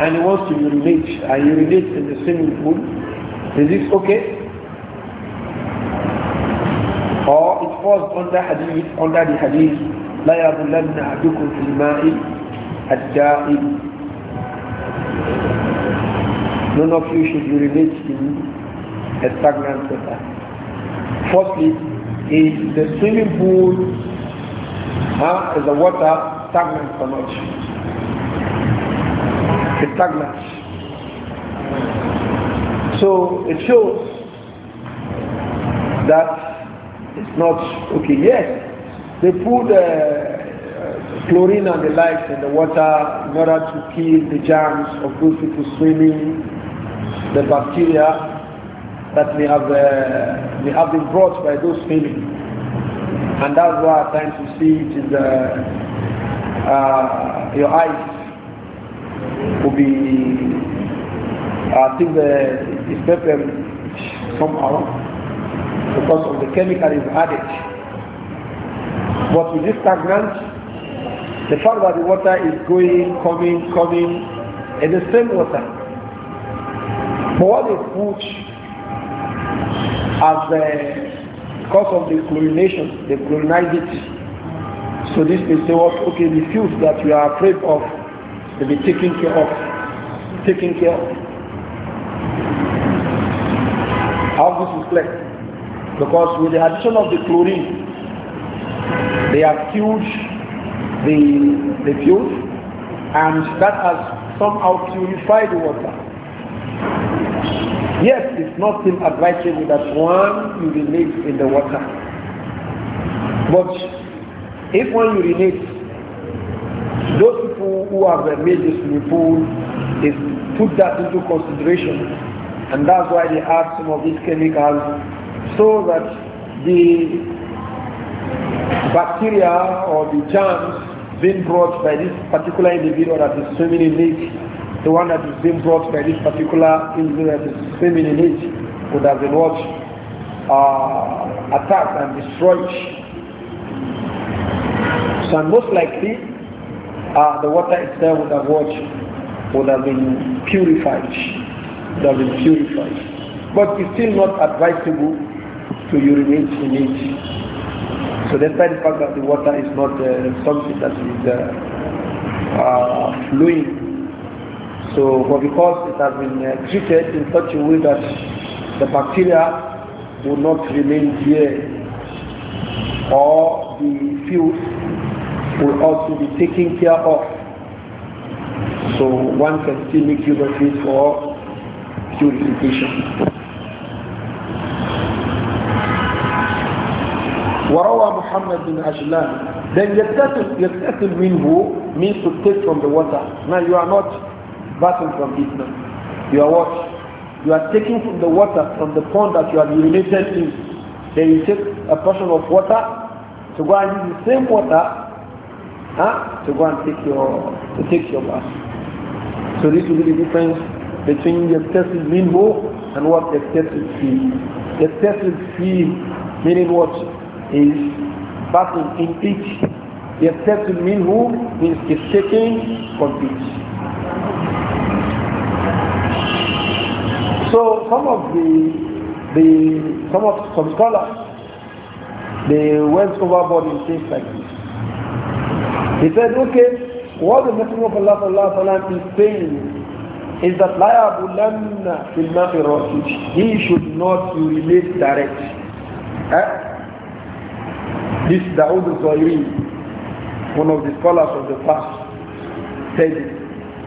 and he wants to urinate and uh, urinate in the swimming pool. Is this okay? Or it falls under hadith, under the hadith لا يظلن أحدكم في الماء الدائم None of you should urinate in a stagnant water. Firstly, is the swimming pool huh, is the water stagnant or much? It's stagnant. So it shows that it's not okay. Yes, they put uh, chlorine and the likes in the water in order to kill the germs of those people swimming, the bacteria that may have, uh, may have been brought by those swimming. And that's why at times you see it in the, uh, your eyes will be, I think the, uh, it's pepper somehow because of the chemical is added but with this stagnant, the fact that the water is going, coming, coming, and the same water. But what they put as the uh, cause of the chlorination, they chlorinize it. So this is say what okay, the fuels that we are afraid of they be taken care of. Taken care of. How this is clear? Because with the addition of the chlorine, they have killed the, the field and that has somehow purified the water. Yes, it's not still advisable that one urinates in the water. But if one urinates, those people who have uh, made this pool is put that into consideration. And that's why they add some of these chemicals so that the bacteria or the germs being brought by this particular individual that is swimming in it, the one that is being brought by this particular individual that is swimming in it would have been what? Uh, attacked and destroyed. So most likely, uh, the water itself would have what? Would have been purified. Would have been purified. But it's still not advisable to urinate in it so despite the fact that the water is not uh, something that is uh, uh, flowing, so but because it has been uh, treated in such a way that the bacteria will not remain here or the fields will also be taken care of. So one can still make use of it for purification. وروى محمد بن أجلان then يقتتل يقتتل منه means to take from the water now you are not bathing from it now you are what you are taking from the water from the pond that you are related in then you take a portion of water to go and use the same water huh, to go and take your to take your bath so this will be the difference between يقتتل منه and what fee. The يقتتل fee meaning what is battle in each certain منه means the second compete. So some of the the some of some scholars they went overboard in things like this. He said, okay, what the Messenger of Allah sallallahu Allah wasallam is saying is that la yabulanna fil ma'i He should not relate direct. Eh? This Daoud al-Zawiri, one of the scholars of the past, said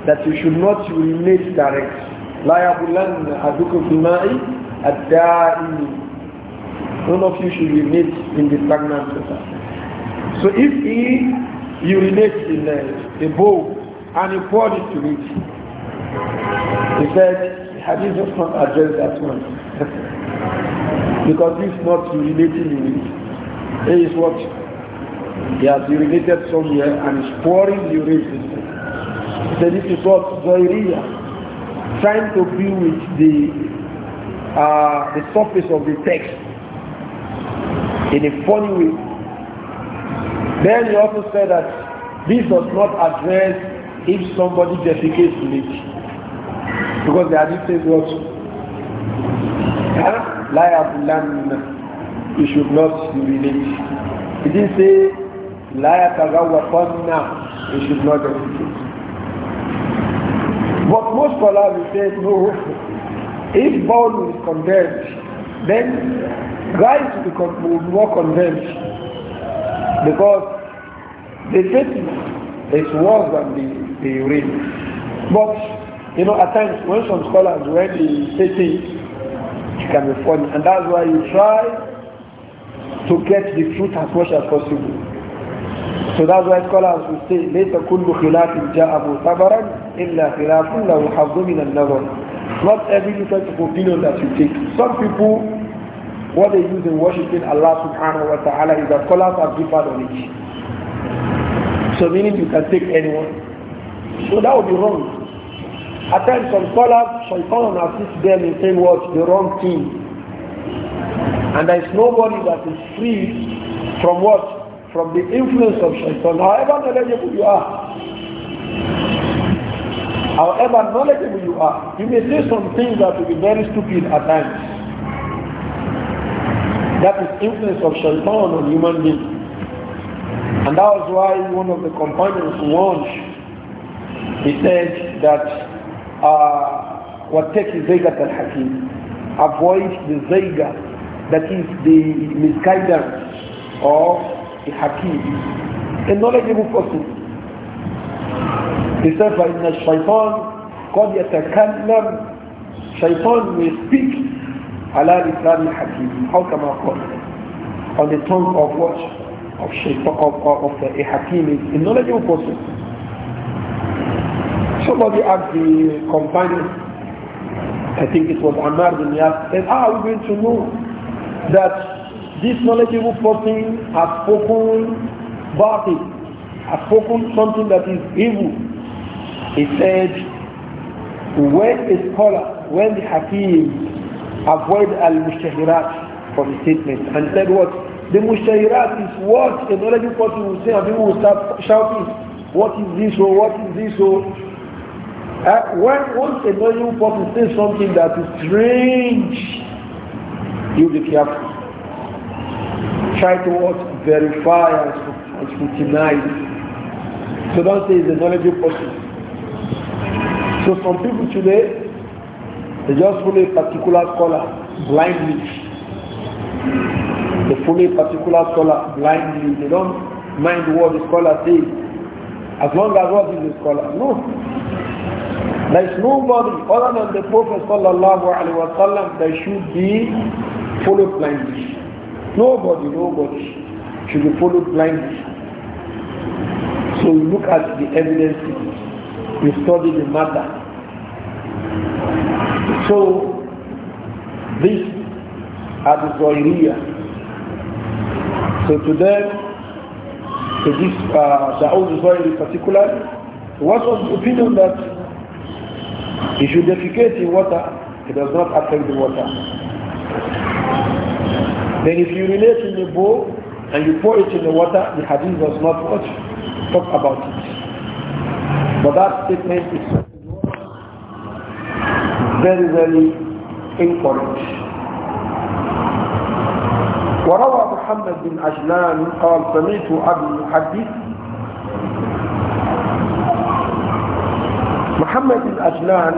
that you should not urinate direct. لا يبلن أحدكم في الماء None of you should urinate in the stagnant water. So if he urinates in a, uh, a bowl and he poured it to it, he said, the hadith does not address that one. because this not urinating in it. He is what? He has urinated somewhere and is pouring urine. So this is what Zoiria, trying to be with the uh, the surface of the text in a funny way. Then he also said that this does not address if somebody defecates in it. Because the hadith says what? لا يظلمن you should not urinate. He didn't say, La yatagawwatanna, you should not urinate. But most scholars will say, no, if bowl is condemned, then guys will be more condemned because the treatment is worse than the, the urine. But, you know, at times when some scholars, read the say things, it can be funny. And that's why you try to get the fruit as much as possible. So that's why scholars will say, لَيْسَ كُلُّ خِلَافٍ جَاءَ مُعْتَبَرًا إِلَّا خِلَافٌ لَهُ حَظٌّ مِنَ النَّظَرِ Not every different of opinion that you take. Some people, what they use in worshipping Allah subhanahu wa ta'ala is that scholars have different on it. So meaning you can take anyone. So that would be wrong. At times some scholars, shaitan assists them in saying what? The wrong thing. And there is nobody that is free from what? From the influence of shaitan, however knowledgeable you are. However knowledgeable you are, you may say some things that will be very stupid at times. That is influence of shaitan on human beings. And that was why one of the companions warned, he said that uh, وَاتَّكِ al-hakim Avoid the zayga that is the misguidance of the hakim, a knowledgeable person. He said, فَإِنَّ الشَّيْطَانِ قَدْ يَتَكَلَّمْ Shaitan will speak على لسان الحكيم come I call on the tongue of what? Of shaitan, of, of, of the, a hakim, a knowledgeable person. Somebody asked the companion, I think it was Ammar bin Yas, said, how ah, are we going to know that this knowledgeable person has spoken about it, has spoken something that is evil. He said, when a scholar, when the Hakim avoid al mushahirat from the statement and said what? The mushahirat is what a knowledgeable person will say and people will start shouting, what is this or oh, what is this or oh? uh, when once a knowledgeable person says something that is strange you be careful. Try to Verify and scrutinize. So don't say it's a knowledgeable person. So some people today, they just follow a particular scholar blindly. They follow a particular scholar blindly. They don't mind what the scholar says. As long as what is the scholar? No. There is nobody other than the Prophet sallallahu alaihi wasallam that should be followed blindly. Nobody, nobody should be followed blindly. So we look at the evidence we study the matter. So this are the Zohiriya. So to them, to this uh, Zohir in particular, what was the opinion that if you defecate in water, it does not affect the water. Then if you relate in a bowl and you pour it in the water, the hadith does not what? Talk about it. But that statement is very, very incorrect. وروى محمد بن عجلان قال سمعت أبي يحدث محمد بن عجلان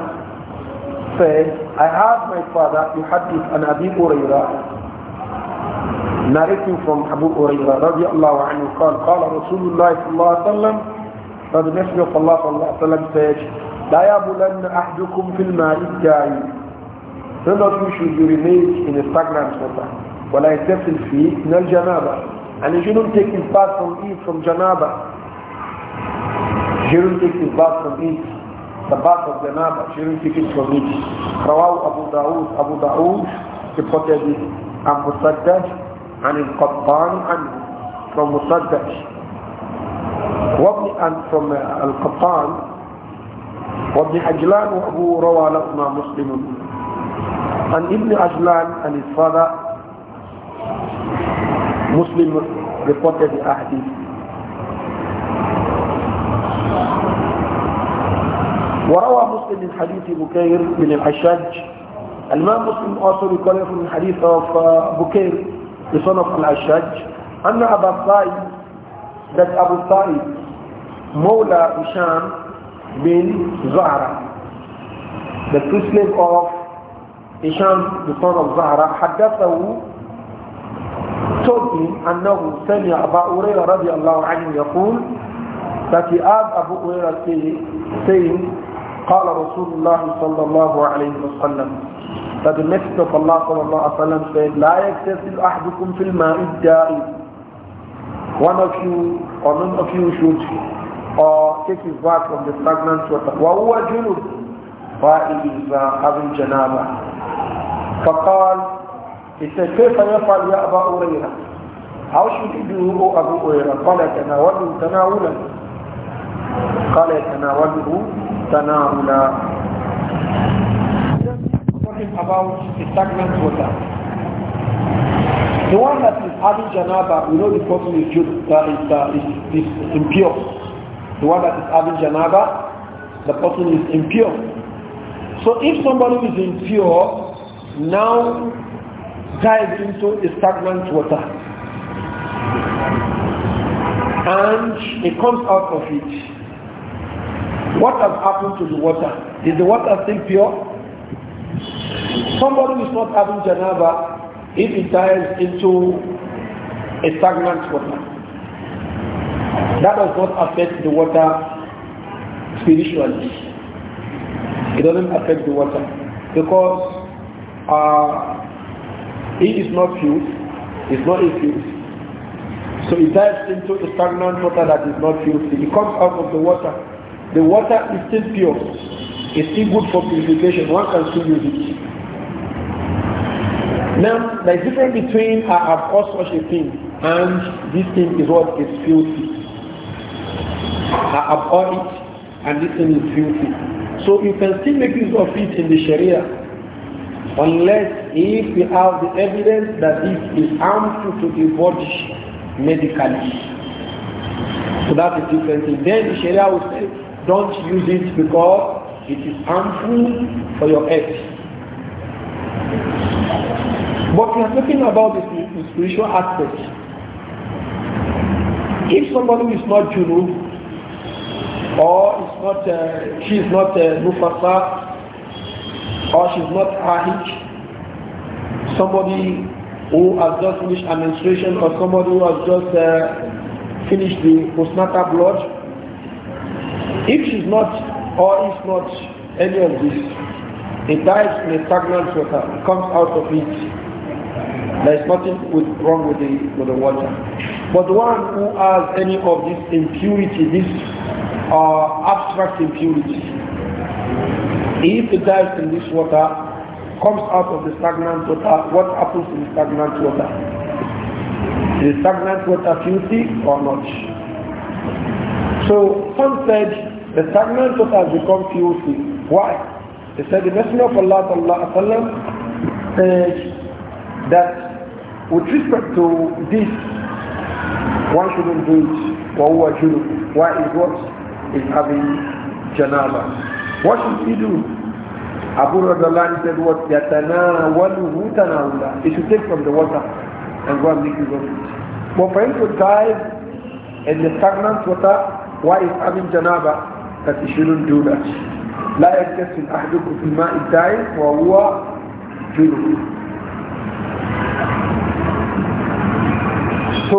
said, I have my father, you Yuhadith an Abi Uraira, narrating from Abu Uraira, radiallahu anhu, قال, قال رسول الله صلى الله عليه the Messenger of Allah صلى الله عليه وسلم said, لا يبلن أحدكم في الماء الجاري. None of you should be remain in a stagnant water. ولا يتفل فيه من الجنابة. And he shouldn't take his bath from it from Janaba. He shouldn't take his bath from it the bath of the Naba during taking from it. Rawahu Abu Dawood, Abu Dawood reported it, and Musaddash, and in Qabbani, and from Musaddash. وابن أن from uh, القطان وابن عجلان وأبو روى لهما مسلم عن ابن عجلان عن his father Muslim reported the hadith وروى مسلم من حديث بكير بن الحشاج الإمام مسلم أصول قال من حديث uh, بكير بن الحشاج أن أبا الطائب ذات أبو الطائب مولى هشام بن زهرة The true slave of Isham, the son of Zahra, حدثه told أنه سمع أبا هريرة رضي الله عنه يقول that he asked أبو هريرة saying قال رسول الله صلى الله عليه وسلم that the Messenger of Allah صلى الله عليه وسلم said لا يكتسل أحدكم في الماء الدائم one of you or none of you should or take his bath from the stagnant water وهو جنوب while he is having janaba فقال he said كيف يفعل يا أبا هريرة how should he do أبو هريرة قال تناول تناولا قال يتناوله تناولا talking about the stagnant water the one that is having janaba we know the person is, uh, uh, is, is impure the one that is having janaba the person is impure so if somebody is impure now dives into stagnant water and he comes out of it what has happened to the water? Is the water still pure? Somebody is not having janaba if it dies into a stagnant water. That does not affect the water spiritually. It doesn't affect the water because uh, it is not pure. it's not infused. So it dives into a stagnant water that is not fused. It comes out of the water the water is still pure. It's still good for purification. One can still use it. Now, there is difference between I have caused such a thing and this thing is what is filthy. I uh, abhor it and this thing is filthy. So you can still make use of it in the Sharia unless if we have the evidence that this is harmful to the body medically. So that's the difference. Then the Sharia will say don't use it because it is harmful for your health. But we are talking about the, spiritual aspect. If somebody is not juru, or is not, uh, she is not uh, Mufasa or she is not Ahij, somebody who has just finished administration or somebody who has just uh, finished the postnatal blood, if she's not, or if not any of this, it dies in a stagnant water, it comes out of it. There is nothing with, wrong with the, with the water. But the one who has any of this impurity, this uh, abstract impurity, if it dies in this water, comes out of the stagnant water, what happens to the stagnant water? Is the stagnant water filthy or not? So some said the stagnant water has become POC. Why? They said the Messenger of Allah sallam, said that with respect to this, one shouldn't do it. وَهُوَ Why is what? Is having janaba. What should he do? Abu Radallah said what? يَتَنَاوَلُهُ تَنَاوُلًا He should take from the water and go and make use of it. But for him to dive in the stagnant water, why is having janaba? that you shouldn't do that. لا يتسم أحدكم في الماء الدائم وهو جنوب. So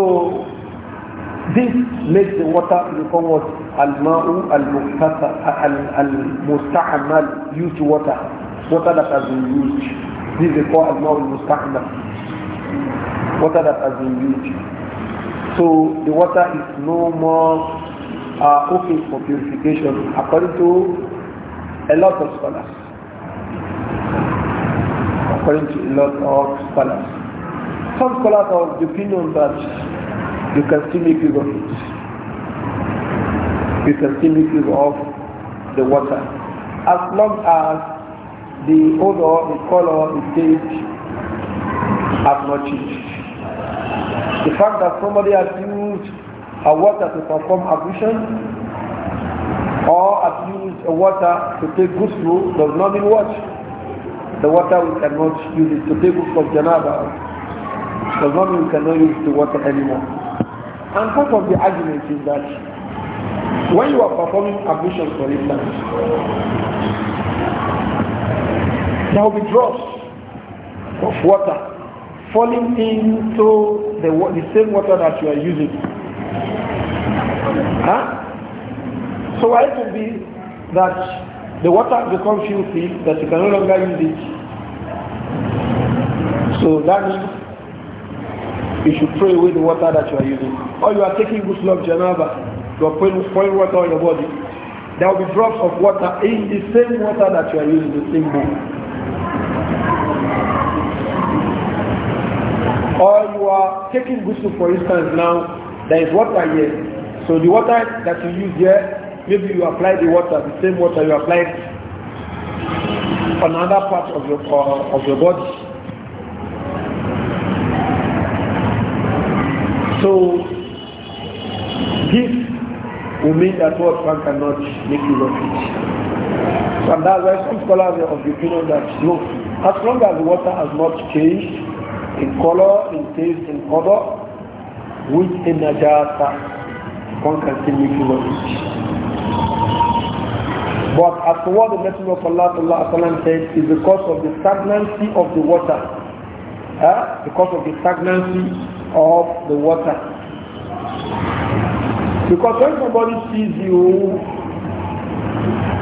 this makes the water become what al-ma'u al-mustahamal used water, water that has been used. This is called al-ma'u water that has been used. So the water is no more are okay for purification according to a lot of scholars. According to a lot of scholars. Some scholars are of the opinion that you can still make use of it. You can still make use of the water. As long as the odor, the color, the taste have not changed. The fact that somebody has used a water to perform ablution or abuse a water to take ghusl does not mean what? The water we cannot use it to take ghusl of janaba does not mean we cannot use the water anymore. And part of the argument is that when you are performing ablution for instance, there will be drops of water falling into the, the same water that you are using. Huh? So why it will be that the water becomes filthy that you can no longer use it. So that means you should throw away the water that you are using. Or you are taking good of janaba, you are putting spoiled water on your body. There will be drops of water in the same water that you are using, the same bowl. Or you are taking ghusl for instance now there is water here. So the water that you use here, maybe you apply the water, the same water you applied on another part of your, uh, of your body. So this will mean that what one cannot make you not rich. And that's why some scholars are of the opinion that no, as long as the water has not changed in color, in taste, in odor, with a najasa, one can still make But as what the Messenger of Allah وسلم, said, is because of the stagnancy of the water. Huh? Because of the stagnancy of the water. Because when somebody sees you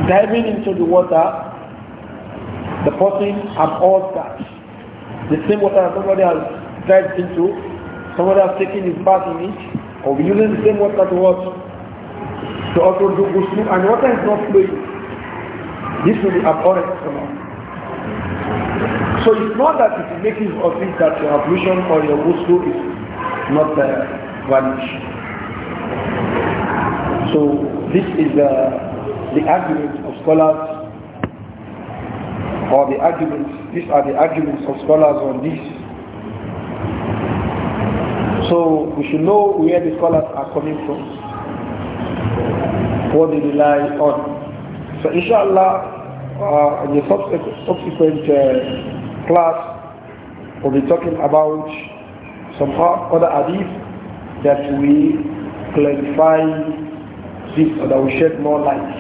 diving into the water, the person all that. The same water somebody has dived into, Someone has taken his part in it, or using the same water to what? To also do ghusl, and water is not flowing. This will be abhorrent from us. So it's not that it is making of it that your ablution or your ghusl is not there, uh, vanished. So this is the uh, the argument of scholars or the arguments, these are the arguments of scholars on this. So we should know where the scholars are coming from, what they rely on. So inshallah, uh, in the subsequent uh, class, we'll be talking about some other hadith that we clarify this or that will shed more light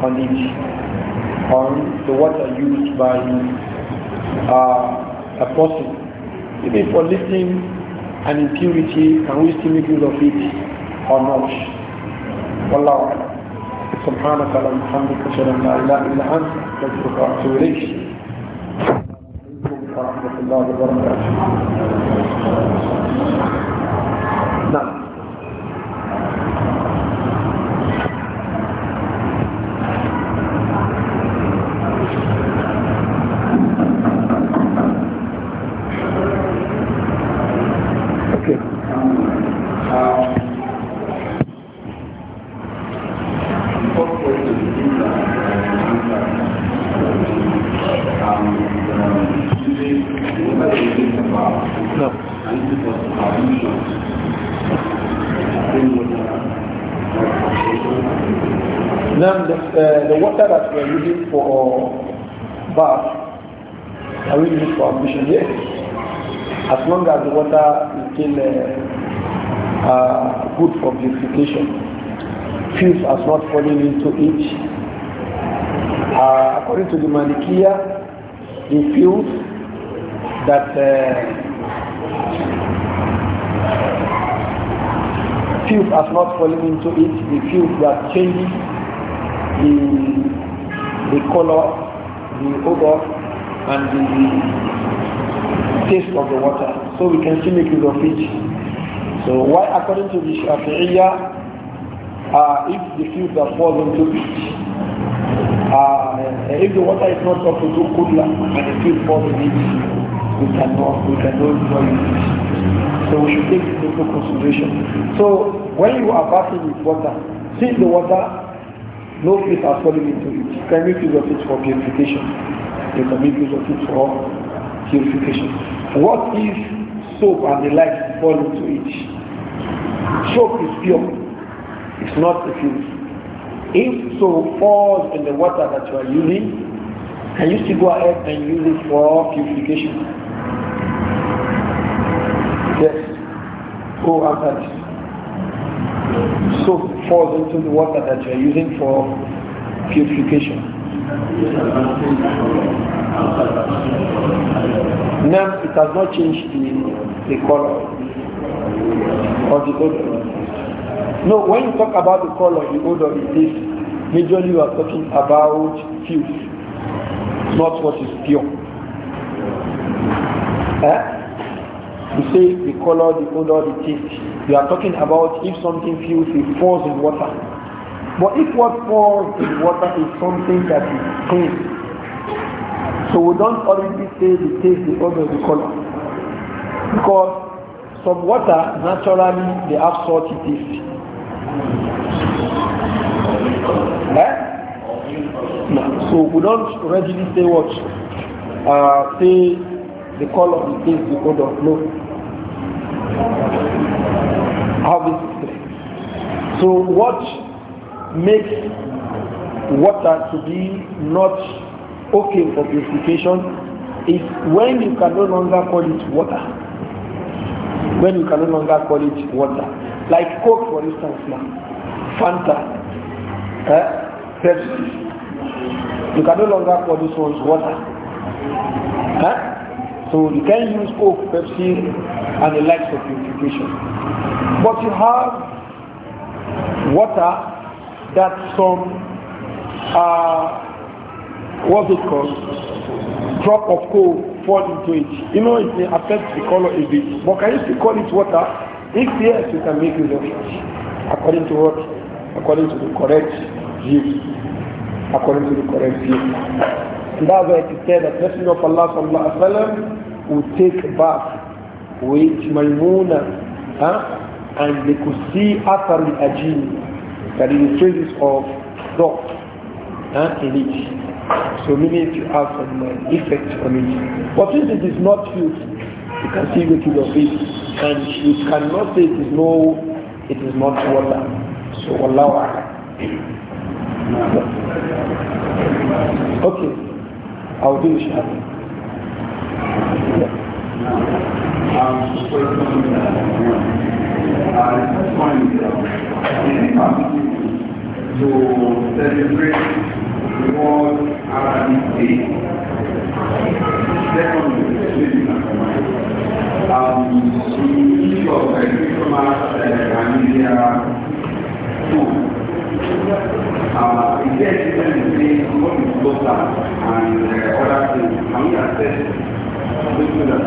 on it, on the words used by uh, a person. Even for listening and impurity, can we still make use of it or not? Wallahu a'lam. سبحانك اللهم وبحمدك اشهد ان لا اله الا انت استغفرك واتوب اليك ورحمه الله وبركاته we are using for bath, are we using for ablution? Yes. As long as the water is still uh, uh, good for purification. Filth are not falling into it. Uh, according to the Malikiya, the filth that filth uh, are not falling into it, the filth that changes the the color, the odor, and the taste of the water. So we can still make use of it. So why according to the Shafi'iyah, uh, if the field that falls into it, uh, if the water is not up to two kudla and the field falls in it, we cannot, we cannot enjoy it. So we should take into consideration. So when you are bathing with water, see the water no faith has fallen into it. can we use of it for purification. You can make use of it for purification. What if soap and the like fall into it? Soap is pure. It's not refused. If soap falls in the water that you are using, can you still go ahead and use it for purification? Yes. Go answer this soap falls into the water that you are using for purification. Now it has not changed the, the color or the odor. No, when you talk about the color, the odor is this. Majorly you are talking about filth, not what is pure. Eh? You say the color, the odor, the taste. You are talking about if something fills, it falls in water. But if what falls in water is something that is clean, so we don't already say the taste, the odor, the color. Because some water, naturally, they have salty taste. Eh? No. So we don't readily say what? Uh, say the color, the taste, the odor. No have this strength. So what makes water to be not okay for purification is when you can no longer call it water. When you can no longer call it water. Like Coke for instance now. Fanta. Eh? Pepsi. You can no longer call this one's water. Eh? So you can use Coke, Pepsi, and the likes of purification. But you have water that some, uh, what's it called? Drop of coal fall into it. You know, it affects the color a bit. But can you still call it water? If yes, you can make use of it. According to what? According to the correct view. According to the correct view. So that's why it said that Messenger of Allah sallallahu alaihi wasallam would take a bath with Maimuna huh? and they could see after the ajin that is the traces of dot huh, in it. So meaning to have some uh, effect on it. But since it is not used, you can see the kid of it and you cannot say it is no, it is not water. So Allah. Okay. I'll do it, to celebrate the World Arabic Day. Second, um, the issue of educational and media too. Uh, is there a difference between what is and uh, other things? Can we access that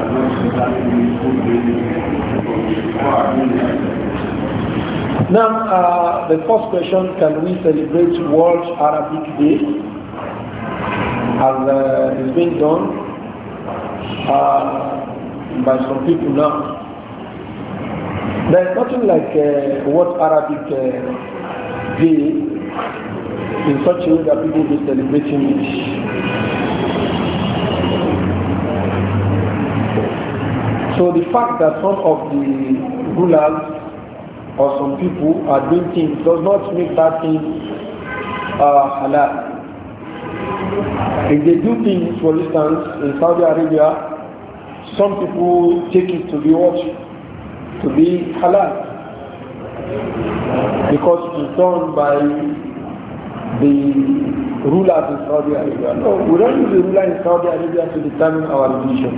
are not Now, uh, the first question, can we celebrate World Arabic Day as uh, is being done uh, by some people now? There is nothing like uh, what Arabic uh, day in such a way that people will be celebrating it. So the fact that some of the rulers or some people are doing things does not make that thing uh, halal. If they do things, for instance, in Saudi Arabia, some people take it to be what? To be halal because it is done by the rulers in Saudi Arabia. No, we don't use the ruler in Saudi Arabia to determine our religion.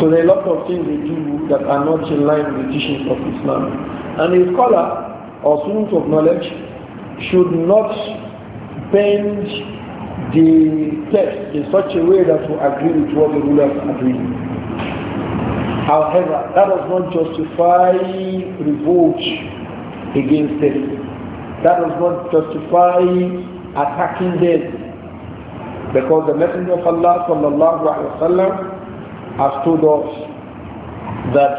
So there are a lot of things they do that are not in line with the teachings of Islam. And a scholar or student of knowledge should not bend the text in such a way that will agree with what the rulers are doing. However, that does not justify revolt against them. That does not justify attacking them. Because the Messenger of Allah sallallahu alayhi wa sallam has told us that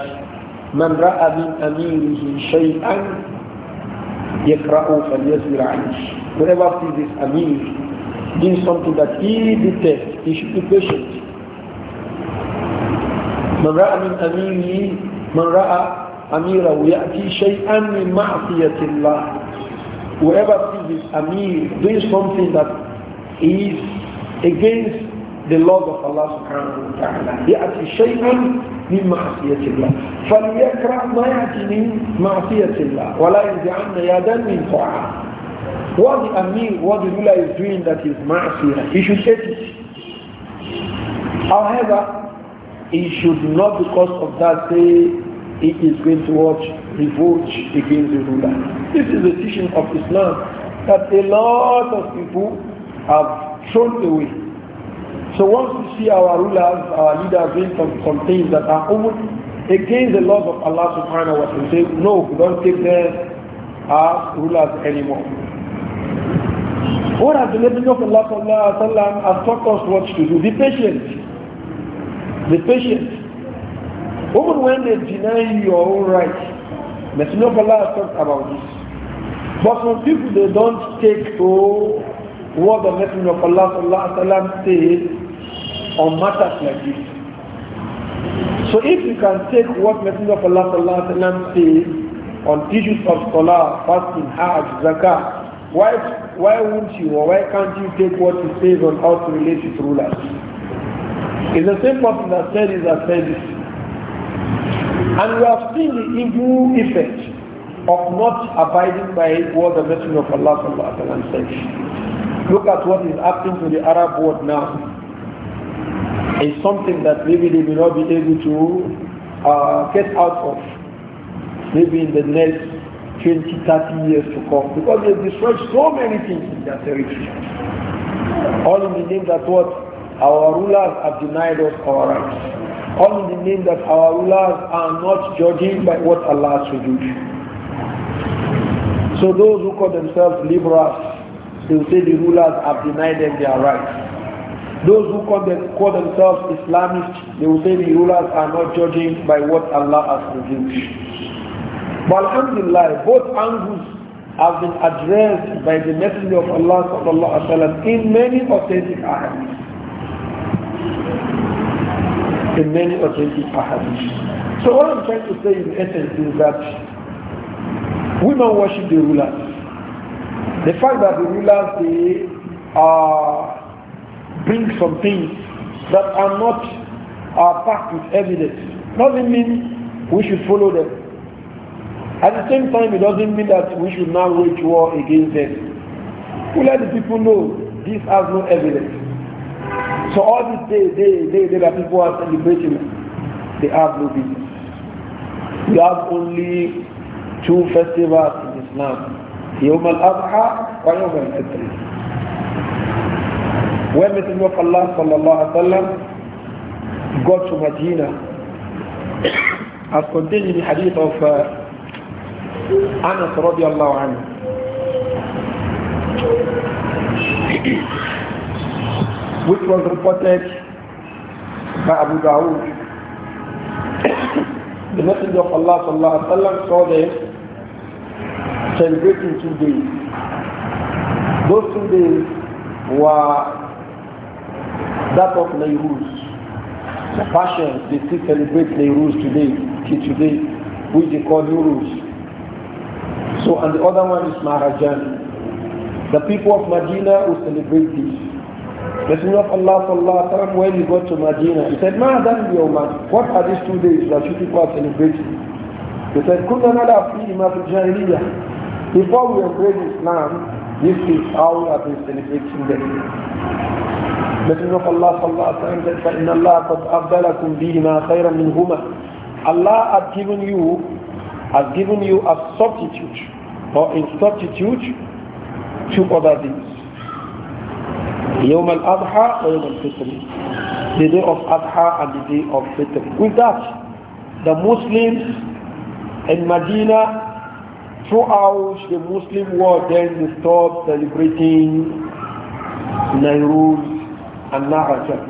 من رأى من أميره شيئا يقرأه فليصبر عنه. Whoever sees this Amir doing something that he detests, he should be patient. من رأى من أمينه من رأى أميره يأتي شيئا من معصية الله whoever sees his Amir doing something that is against the laws of Allah سبحانه وتعالى يأتي شيئا من معصية الله فليكره ما يأتي من معصية الله ولا ينزعن يدا من طاعة what the Amir, what the ruler is doing that is معصية he should hate it however he should not because of that say he is going to watch revolt against the ruler. This is the teaching of Islam that a lot of people have thrown away. So once we see our rulers, our leaders doing some, some things that are even against the laws of Allah subhanahu wa ta'ala, say, no, we don't take them as rulers anymore. What has the Messenger of Allah sallallahu has taught us what to do? Be patient. Be patient. Even when they deny your own right, Messenger of Allah has talked about this. But some people, they don't take to what the Messenger of Allah sallam, says on matters like this. So if you can take what Messenger of Allah sallam, says on issues of salah, fasting, hajj, zakah, why why won't you or why can't you take what he says on how to relate with rulers? It's the same person that said it that said And we have seen the evil effect of not abiding by what the message of Allah says. Look at what is happening to the Arab world now. It's something that maybe they will not be able to uh, get out of maybe in the next 20, 30 years to come because they've destroyed so many things in their territory. All in the name that what? Our rulers have denied us our rights. All in the name that our rulers are not judging by what Allah has revealed. So those who call themselves liberals, they will say the rulers have denied them their rights. Those who call, them, call themselves Islamists, they will say the rulers are not judging by what Allah has revealed. But Alhamdulillah, both angles have been addressed by the Messenger of Allah وسلم, in many authentic ahadith in many authentic ahadith. So what I'm trying to say in essence is that women worship the rulers. The fact that the rulers they uh, bring some things that are not are packed with evidence doesn't mean we should follow them. At the same time, it doesn't mean that we should now wage war against them. We let the people know this has no evidence. So all these days, they, they, they, that people are celebrating, they have no business. We have only two festivals in Islam. Yawm al-Adha wa Yawm al-Fitr. When Messenger of Allah sallallahu alaihi wasallam got to Medina, as contained in the hadith of uh, Anas radiallahu anhu, which was reported by Abu Dawood. the Messenger of Allah sallallahu alaihi wasallam saw them celebrating two days. Those two days were that of Nairuz. The passion they still celebrate Nairuz today, till today, which they call Nuruz. So, and the other one is Maharajan. The people of Medina will celebrate this. Messenger of Allah sallallahu alaihi when he got to Medina, he said, Ma dan man. what are these two days that you people are celebrating? He said, Kunna nada fi ma fi jahiliyyah. Before we embraced Islam, this is how we have been celebrating them. Messenger of Allah sallallahu alaihi wasallam said, فَإِنَّ اللَّهَ قَدْ أَبْدَلَكُمْ بِهِمَا خَيْرًا مِنْهُمَا Allah has given you, has given you a substitute, or in substitute, to other things. Yawm al-Adha wa The day of Adha and the day of Fitr. With that, the Muslims in Medina throughout the Muslim world then they stopped celebrating Nairuz and Nahajah.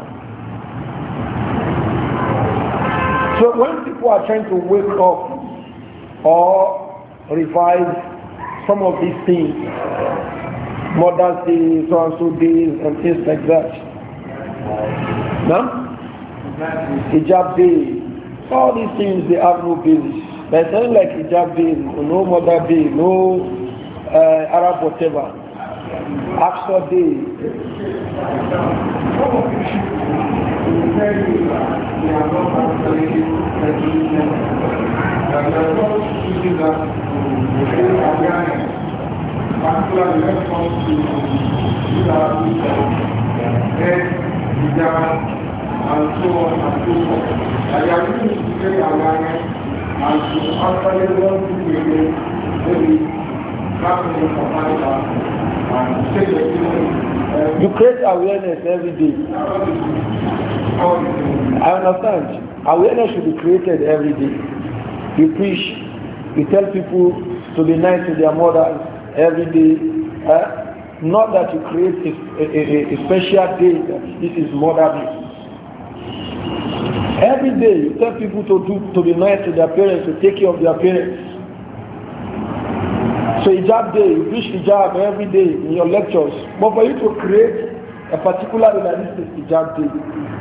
So when people are trying to wake up or revive some of these things, Mother's Day, so and so days, and things like that. No? Hijab All these things, they have no basis. There's nothing like Hijab no Mother Day, no uh, Arab whatever. Aqsa Day particular to and so on and so forth. I am and to actually to happening for and take the You create awareness every day. I understand. Awareness should be created every day. You preach, you tell people to be nice to their mothers, every day. Eh? Not that you create a, a, a special day that this is Mother Day. Every day you tell people to do to be nice to their parents, to take care of their parents. So hijab day, you preach hijab every day in your lectures. But for you to create a particular realistic hijab day,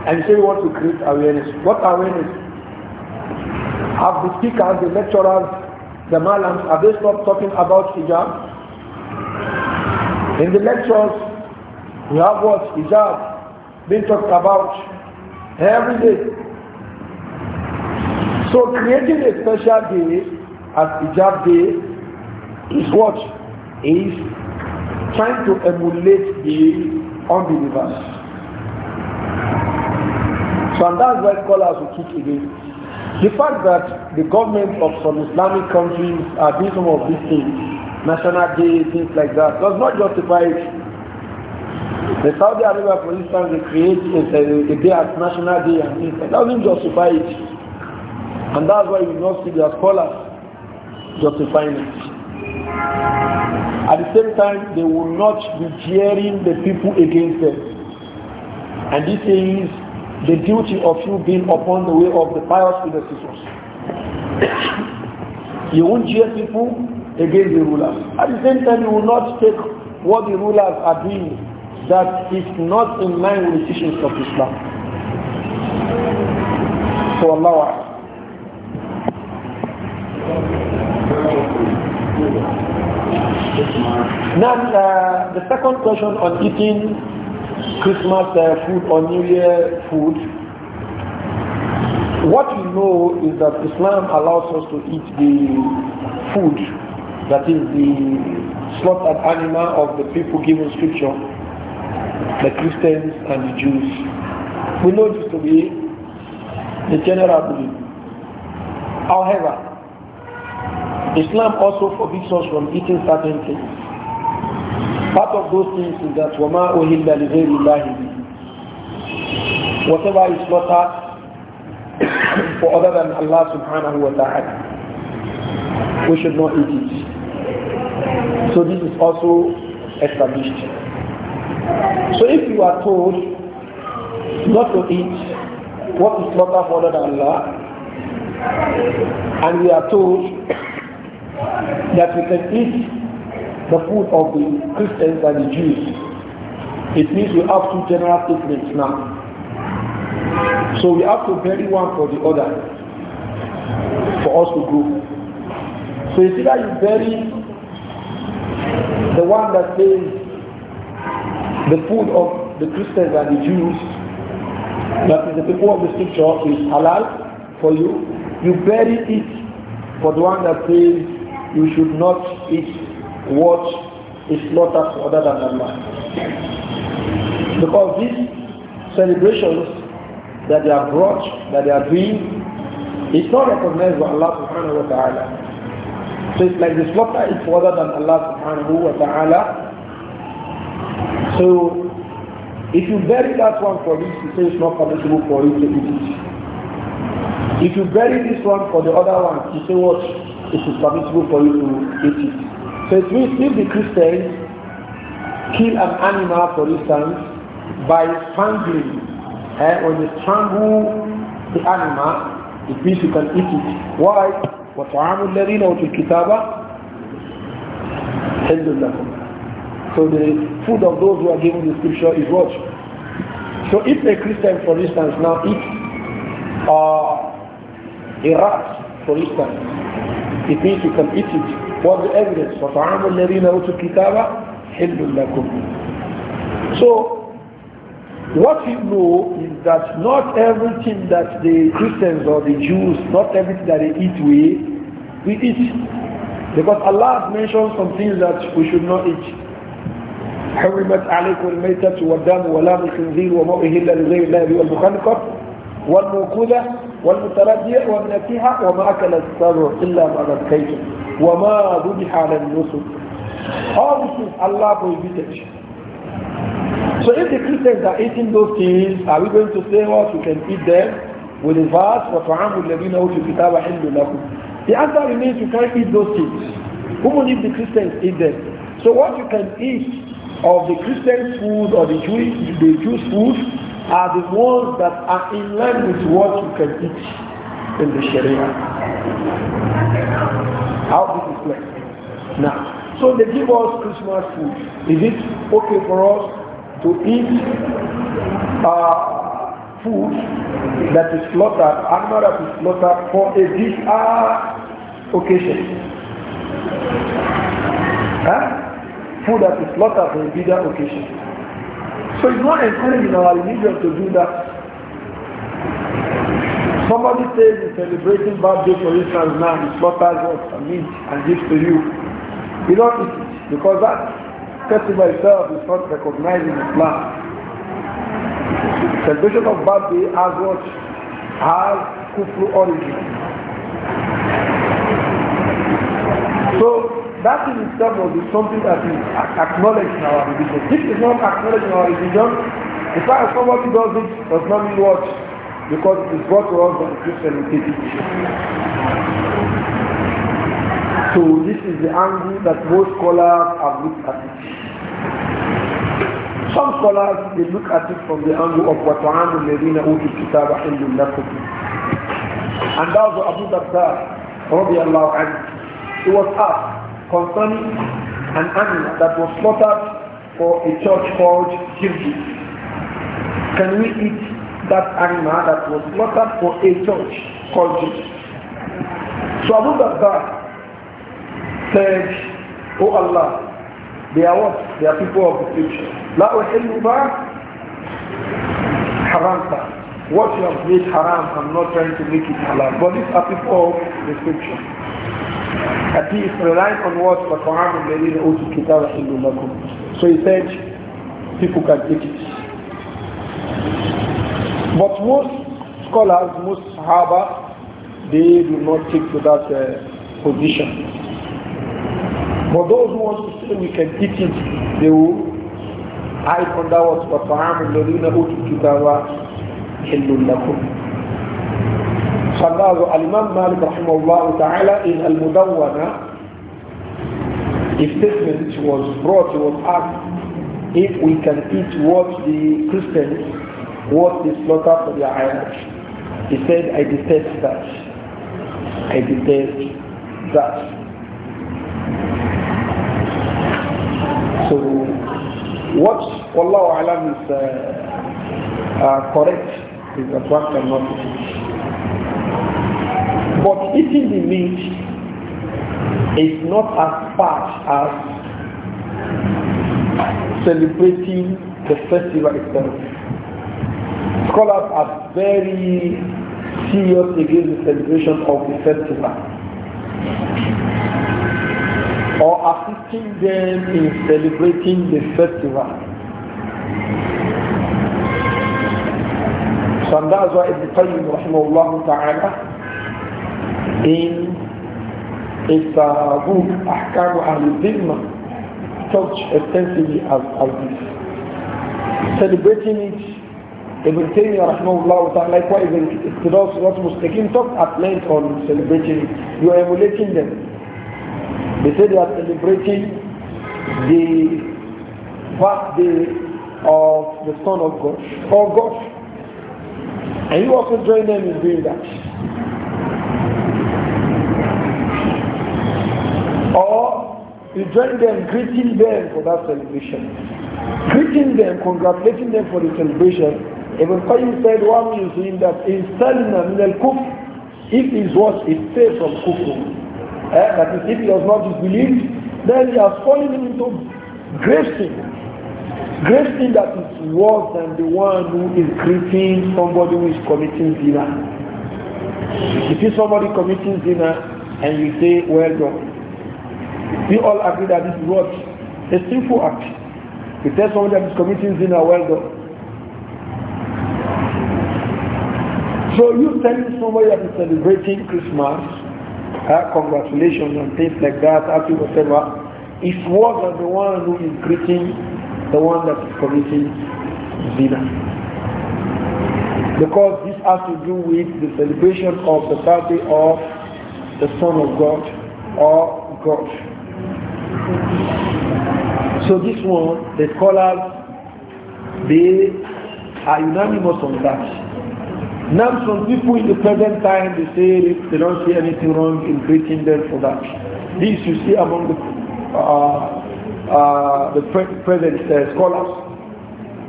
and you say you want to create awareness. What awareness? Have the speakers, the lecturers, the malams, are they not talking about hijab? In the lectures, we have what hijab being talked about every day. So creating a special day as hijab day is what is trying to emulate the unbelievers. So and that's why scholars will kick against. The fact that the government of some Islamic countries are doing some of these things National Day, things like that, does not justify it. The Saudi Arabia, for instance, they create a, a day as National Day and things like that. doesn't justify it. And that's why you not see their scholars justifying it. At the same time, they will not be jeering the people against them. And this is the duty of you being upon the way of the pious predecessors. you won't jeer people against the rulers. At the same time, you will not take what the rulers are doing that is not in line with the teachings of Islam. So Allah. Now, uh, the second question on eating Christmas uh, food or New Year food. What we know is that Islam allows us to eat the food that is the slaughtered animal of the people given scripture, the Christians and the Jews. We know this to be the general belief. However, Islam also forbids us from eating certain things. Part of those things is that وَمَا أُهِلَّ لِغَيْرِ Whatever is slaughtered for other than Allah subhanahu wa ta'ala, we should not eat it. So this is also established. So if you are told not to eat what is not for other than Allah, and we are told that we can eat the food of the Christians and the Jews, it means we have two general statements now. So we have to bury one for the other for us to grow. So it's either you bury the one that says the food of the Christians and the Jews, that is the people of the scripture, is halal for you, you bury it for the one that says you should not eat what is slaughtered other than Allah. Because these celebrations that they are brought, that they are doing, it's not recognized by Allah subhanahu wa ta'ala. So it's like the slaughter is further than Allah subhanahu wa ta'ala. So if you bury that one for this, you say it's not permissible for you to eat it. If you bury this one for the other one, you say what? It is permissible for you to eat it. So it means if the Christians kill an animal, for instance, by strangling, eh, when they strangle the animal, it means you can eat it. Why? وطعام الذين أوتوا الكتاب حل لكم So the food of those who are given the scripture is what? So if a Christian, for instance, now eats uh, a rat, for instance, it means you can eat it. What's the evidence? وَطَعَامُ الَّذِينَ أُوتُوا الْكِتَابَ حِلٌّ لَكُمْ So what we know is that not everything that the Christians or the Jews, not everything that they eat, we, we eat. Because Allah has mentioned some things that we should not eat. حرمت عليكم الميتة والدم ولام الخنزير وما أهل لغير الله به والمخنقة والموقودة والمتردية والنكيحة وما أكل السبع إلا ما ذكيتم وما ذبح على النسك. All this is Allah prohibited. So if the Christians are eating those things, are we going to say what well, we can eat them with the verse for Ta'amul Ladina Utul Kitaba Hindu The answer remains you can't eat those things. will eat the Christians eat them. So what you can eat of the Christian food or the Jewish, the Jewish food are the ones that are in line with what you can eat in the Sharia. How this is like. Now, so they give us Christmas food. Is it okay for us to eat uh, food that is slaughtered, animal that is slaughtered for a bizarre uh, occasion. Huh? Food that is slaughtered for a bizarre occasion. So it's not encouraging our religion to do that. Somebody says he's celebrating birthday for instance now, he slaughters what meat and gives to you. You don't eat it because that festival myself is not recognizing Islam. Celebration of birthday as what has Kufu origin. So that in itself will something that is acknowledged in our religion. This is not acknowledged in our religion. The fact that somebody does it does not mean what? Because it is brought to us by the Christian So this is the angle that most scholars have looked at it. Some scholars, they look at it from the angle of وَطَعَامُ the أُوتُوا الْكِتَابَ حِلٌّ لَكُمْ And that was Abu Darda, رضي Allah, and He was asked concerning an animal that was slaughtered for a church called Jibji. Can we eat that animal that was slaughtered for a church called Jibji? So Abu Darda said, Oh Allah, they are what? They are people of the future. لا أحل back What you have made haram, I'm not trying to make it halal. But these are people of description. At least relying on what the Quran and in the Utu So he said, people can take it. But most scholars, most Sahaba, they do not take to that uh, position. But those who want to say we can eat it, they will Hide under what وَطَعَامُ الَّذِينَ أُوتُوا الْكِتَابَ حِلٌّ لَكُمْ فالله الإمام مالك رحمه الله تعالى in المدونة his statement was brought, was asked if we can eat what the Christians, what they slaughter for their idols. He said, I detest that. I detest that. So what Allah Alam is uh, uh, correct is that one cannot eat. But eating the meat is not as part as celebrating the festival itself. Scholars are very serious against the celebration of the festival or assisting them in celebrating the festival. So that's why Ibn Qayyim rahimahullah ta'ala in his uh, book Ahkam al-Dhimma touched extensively as, as this. Celebrating it Ibn Taymiyyah rahmahullah ta'ala likewise in Iqtidas Rasul talked at length on celebrating it. You are emulating them. They say they are celebrating the birthday of the Son of God, or God. And you also join them in doing that. Or you join them greeting them for that celebration. Greeting them, congratulating them for the celebration. when Qayyim said one museum that is telling them in al-kufr, if his was is safe from kufr. Eh, that is, if he does not disbelieve, then he has fallen into grave sin. Grave sin that is worse than the one who is greeting somebody who is committing If You see somebody committing sin and you say, well done. We all agree that this was A sinful act. You tell somebody that is committing zina, well done. So you telling somebody that is celebrating Christmas uh, congratulations and things like that, happy whatever, if was than the one who is greeting the one that is committing zina. Because this has to do with the celebration of the birthday of the Son of God or God. So this one, the scholars, they are unanimous on that. Now some people in the present time, they say they don't see anything wrong in greeting them for that. This you see among the, uh, uh, the pre present uh, scholars.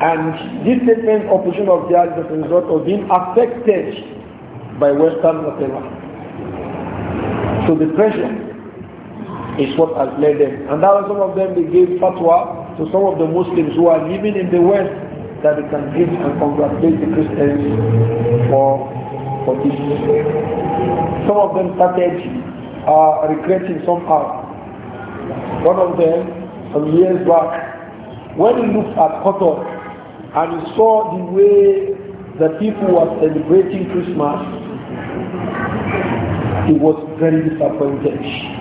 And this statement of of the is a result of being affected by Western whatever. So the pressure is what has led them. And that was some of them, they gave fatwa to some of the Muslims who are living in the West that we can give and congratulate the Christians for, for this. Some of them started uh, regretting somehow. One of them, some years back, when he looked at Qatar and he saw the way the people were celebrating Christmas, he was very disappointed.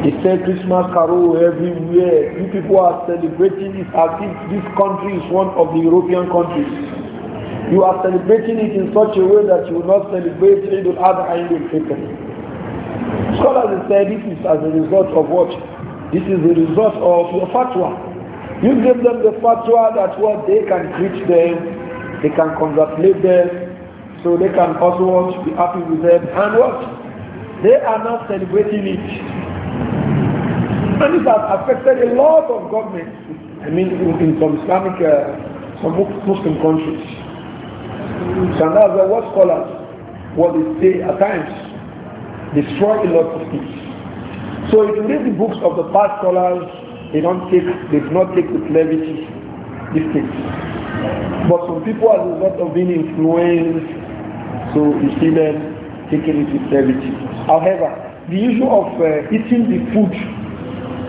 He said Christmas carol everywhere. You people are celebrating it as if this country is one of the European countries. You are celebrating it in such a way that you will not celebrate Eid al-Adha and Eid fitr Scholars say this is as a result of what? This is the result of your fatwa. You give them the fatwa that what they can preach them, they can congratulate them, so they can also what, be happy with them. And what? They are not celebrating it. And this has affected a lot of governments. I mean, in, in some Islamic, uh, some Muslim countries. So now the what scholars, what they say at times, destroy a lot of things. So if you read the books of the past scholars, they don't take, they do not take the levity these things. But some people as a result of being influenced, so you see them taking it with However, the issue of uh, eating the food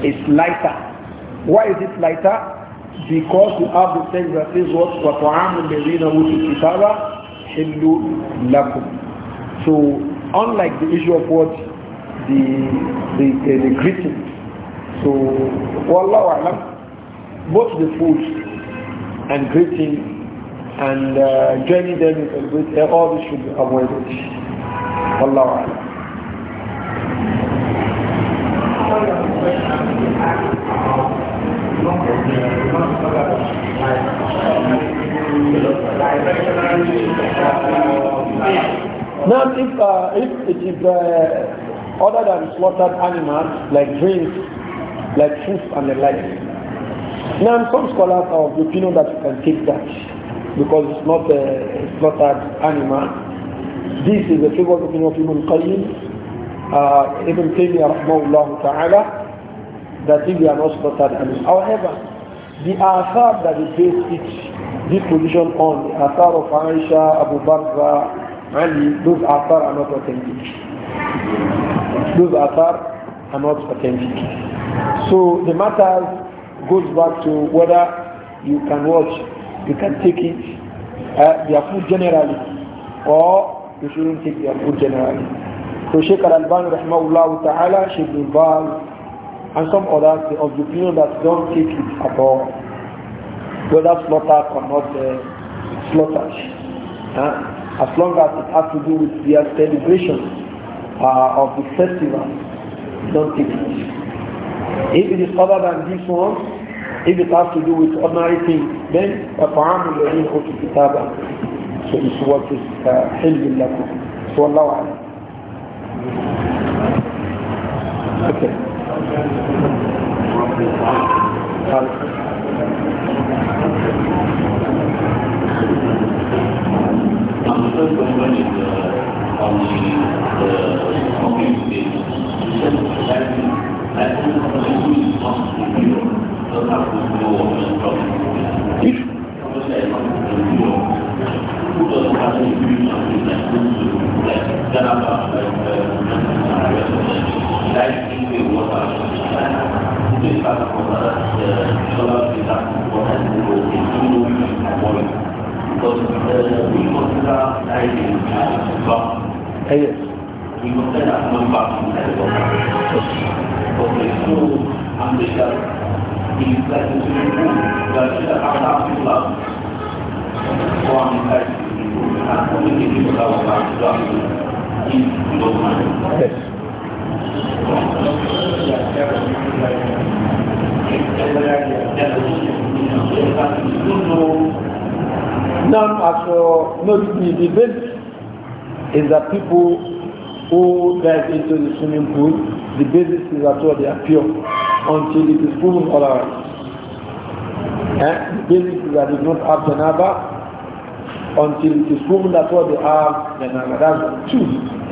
is lighter. Why is it lighter? Because you have the text that says what وَطَعَامُ الَّذِينَ أُوتُوا الْكِتَابَ حِلُّ لَكُمْ So unlike the issue of what the the, the greeting. So wallahu alam, both the food and greeting and uh, joining them in celebration, all this should be avoided. Wallahu now, if, uh, if it is uh, other than slaughtered animals like drinks, like fish and the like, now some scholars are of the opinion that you can take that because it's not a slaughtered animal. This is the favorite opinion of human colleagues uh, Ibn Taymiyyah rahmahullah ta'ala that if they are not slaughtered However, the asar that is based its this position on, the asar of Aisha, Abu Bakr, Ali, those asar are not authentic. Those asar are not authentic. So the matter goes back to whether you can watch, you can take it, uh, their food generally, or you shouldn't take their food generally. So Sheikh Al-Albani rahmahullah ta'ala, Sheikh and some others of the opinion that don't take it at all, whether slaughter or not uh, slaughtered, uh, as long as it has to do with their celebration uh, of the festival, don't take it. If it is other than this one, if it has to do with ordinary things, then فَطَعَامُ الَّذِينَ أُوتُوا الْكِتَابَ So it's what is حِلْمٍ uh, لَكُمْ So Allah Okay. Um, the first question is uh, on the, the community. That, that is not the view of how to know what is coming. Who doesn't have any view 待遇对我来说一般，最大的困难是除了队长，我太孤独，孤独与寂寞，都是我更加难以承担。哎，寂寞太大，没办法承受。所以，只有安慰自己，现在进步，只家努力了，光开心，大家努力进大家了。哎。Now, as for no, the debate is that people who dive into the swimming pool, the basis is that what they appear until it is proven otherwise. And eh? the basis is that they do not have janaba until it is proven that what they have janaba. That's two.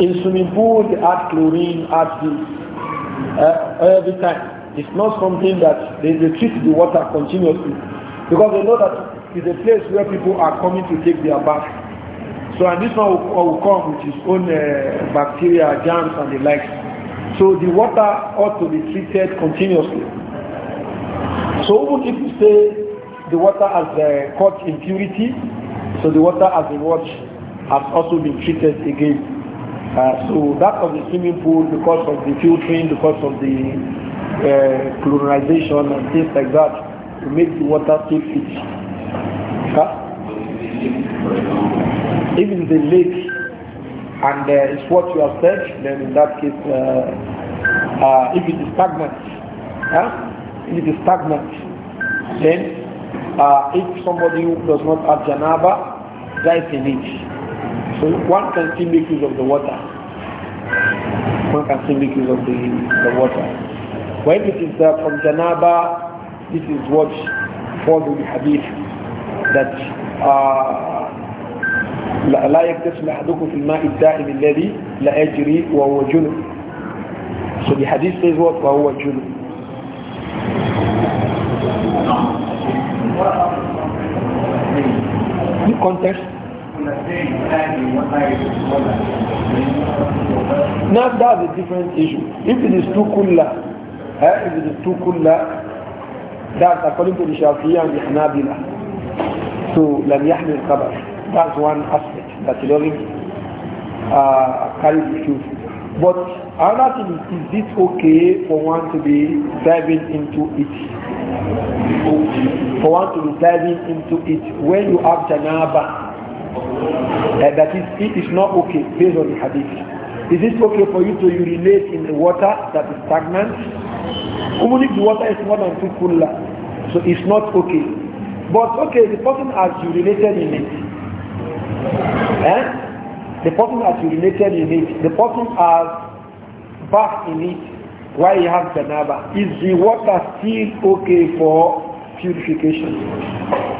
In swimming pool, they add chlorine, add this uh, every time. It's not something that they, they treat the water continuously because they know that it's a place where people are coming to take their bath. So and this one will, will come with its own uh, bacteria, germs and the likes. So the water ought to be treated continuously. So even if you say the water has uh, caught impurity, so the water has been washed, has also been treated again. Uh, so that of the swimming pool, because of the filtering, because of the uh, chlorinization and things like that, to make the water safe. Huh? Even the lake, and uh, it's what you have said, then in that case, uh, uh if it is stagnant, huh? if it is stagnant, then uh, if somebody who does not have janaba, dies in it. So one can still make use of the water. One can still make use of the, the water. When it is uh, from Janaba, this is what falls in the hadith that لا this. أحدكم في الماء الدائم الذي لا يجري وهو جنب. So the hadith says what? وهو جنب. You now that's a different issue. If it is tukulla, eh, if it is tukulla, that's according to the Shafi'iyah, and the Hanabila. So, lam yahmil qabr. That's one aspect that you don't uh, carry the shoes. But another thing is, is it okay for one to be diving into it? For one to be diving into it when you have janaba uh, that is, it is not okay based on the hadith. Is it okay for you to urinate in the water that is stagnant? Even if the water is more than two kula, so it's not okay. But okay, the person has urinated in it. Eh? The person has urinated in it. The person has bathed in it while he has janaba. Is the water still okay for purification?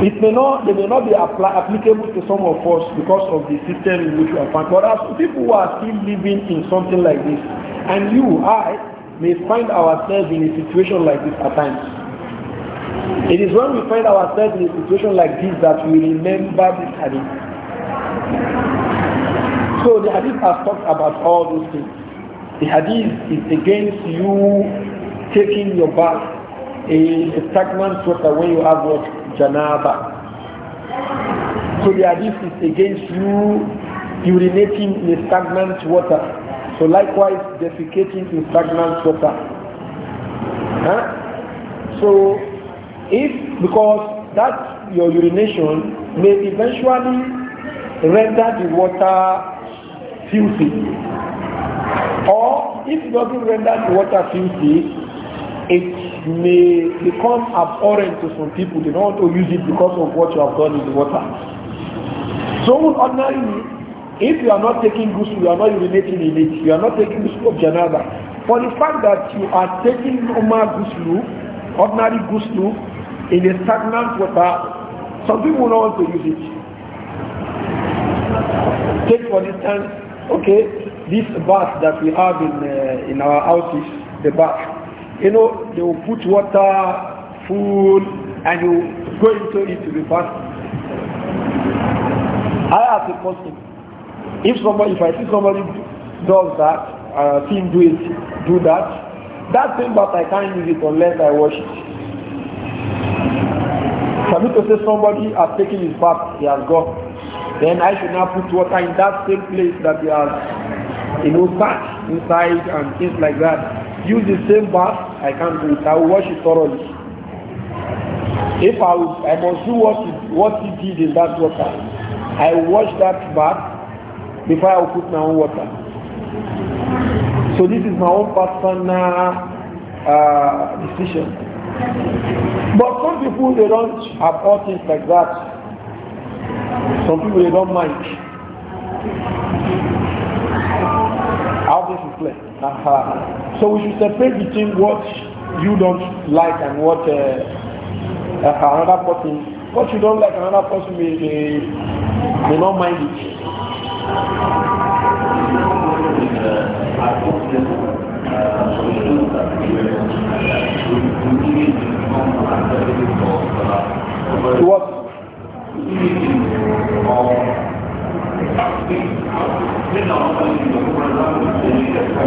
It may not, they may not be applicable to some of us because of the system in which we are found. But as people who are still living in something like this, and you, I, may find ourselves in a situation like this at times. It is when we find ourselves in a situation like this that we remember this hadith. So the hadith has talked about all those things. The hadith is against you taking your bath in a stagnant water when you have water janaba. So the hadith is against you urinating in stagnant water. So likewise defecating in stagnant water. Huh? So if because that your urination may eventually render the water filthy. Or if it doesn't render the water filthy, it may become abhorrent to some people. They don't want to use it because of what you have done in the water. So ordinarily, if you are not taking ghusl, you are not urinating in it, you are not taking ghusl of janada. For the fact that you are taking normal ghusl, ordinary ghusl, in a stagnant water, some people will not want to use it. Take for instance, okay, this bath that we have in, uh, in our houses, the bath you know, they will put water, food, and you go into it to be fasting. I ask a question. If somebody, if I see somebody does that, uh, team do it, do that, that thing, but I can't use it unless I wash it. For me to say somebody has taken his bath, he has gone. Then I should now put water in that same place that he has, you know, sat inside and things like that. use the same bath, I can't do it. I will wash it thoroughly. If I, will, I must do what he, what he did in that water, I wash that bath before I put my own water. So this is my own personal uh, decision. But some people, they don't have all things like that. Some people, they don't mind. How this is played. Aha. So we should separate between what you don't like and what uh, uh, another person, what you don't like another person may, may, may not mind it. What? Thank you. As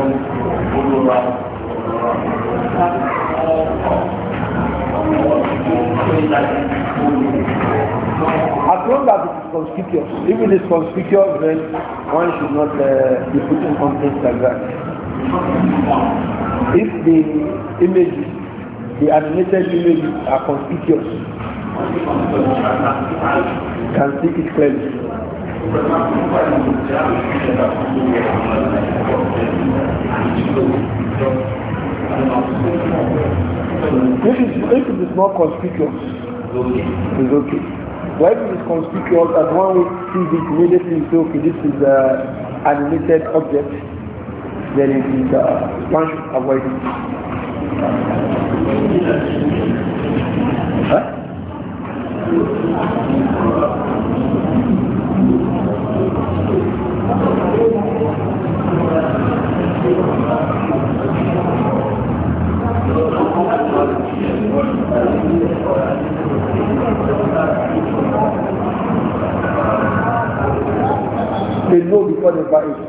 long as it is conspicuous, even if it is conspicuous, then one should not uh, be put in complaints like that. If the images, the animated images are conspicuous, can see it clearly. If it's, if it is not conspicuous, it's okay. But if it is conspicuous that one will see it immediately, say, okay, this is uh, an animated object, then it is, uh, one should avoid it. Huh? they know before they buy it. If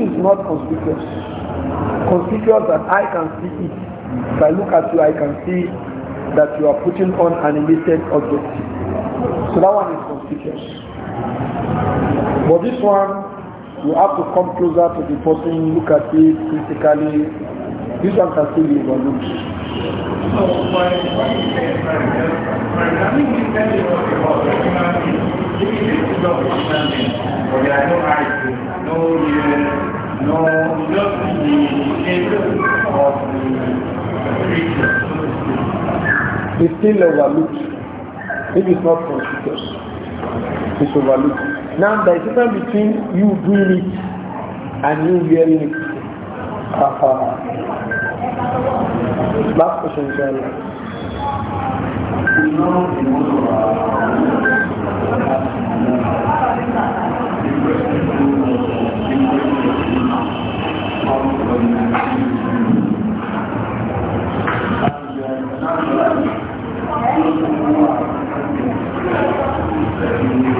is not conspicuous, conspicuous that I can see it, if I look at you, I can see that you are putting on an emitted object. So that one is conspicuous. But this one, you have to come closer to the person, look at it critically. This one can still be overlooked. So, my by, by, I think you said it was about the human being. is it is about the human being, but there are no eyes, no ears, no, just the shape of the creature. It's still overlooked. It is not conscious. It's overlooked. Now there is difference between you doing it and you hearing it. Uh-huh. Last question, Thank you.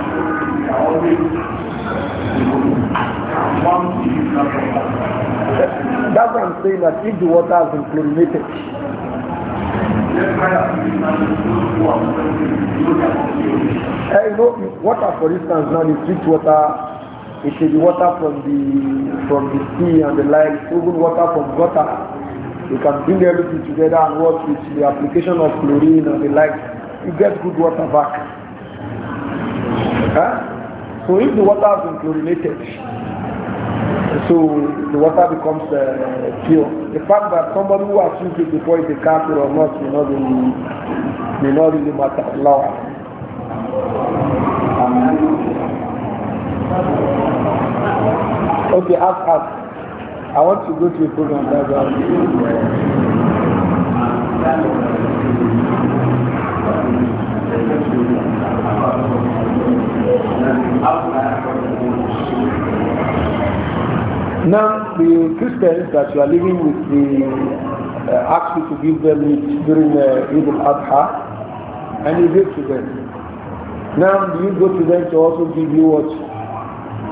saying that if the water has been chlorinated, I eh, know, water, for instance, now the treated water, it is water from the from the sea and the like, even water from gutter. You can bring everything together and work with the application of chlorine and the like. You get good water back. Huh? Eh? So if the water has been chlorinated, so the water becomes uh, pure. The fact that somebody who has used it before is a kafir or not may not really, may not really matter. Allah. Okay, ask us. I want to go to a program that's why. Now, the Christians that you are living with the uh, ask you to give them during the uh, Eid al-Adha, and you give to them. Now, do you go to them to also give you what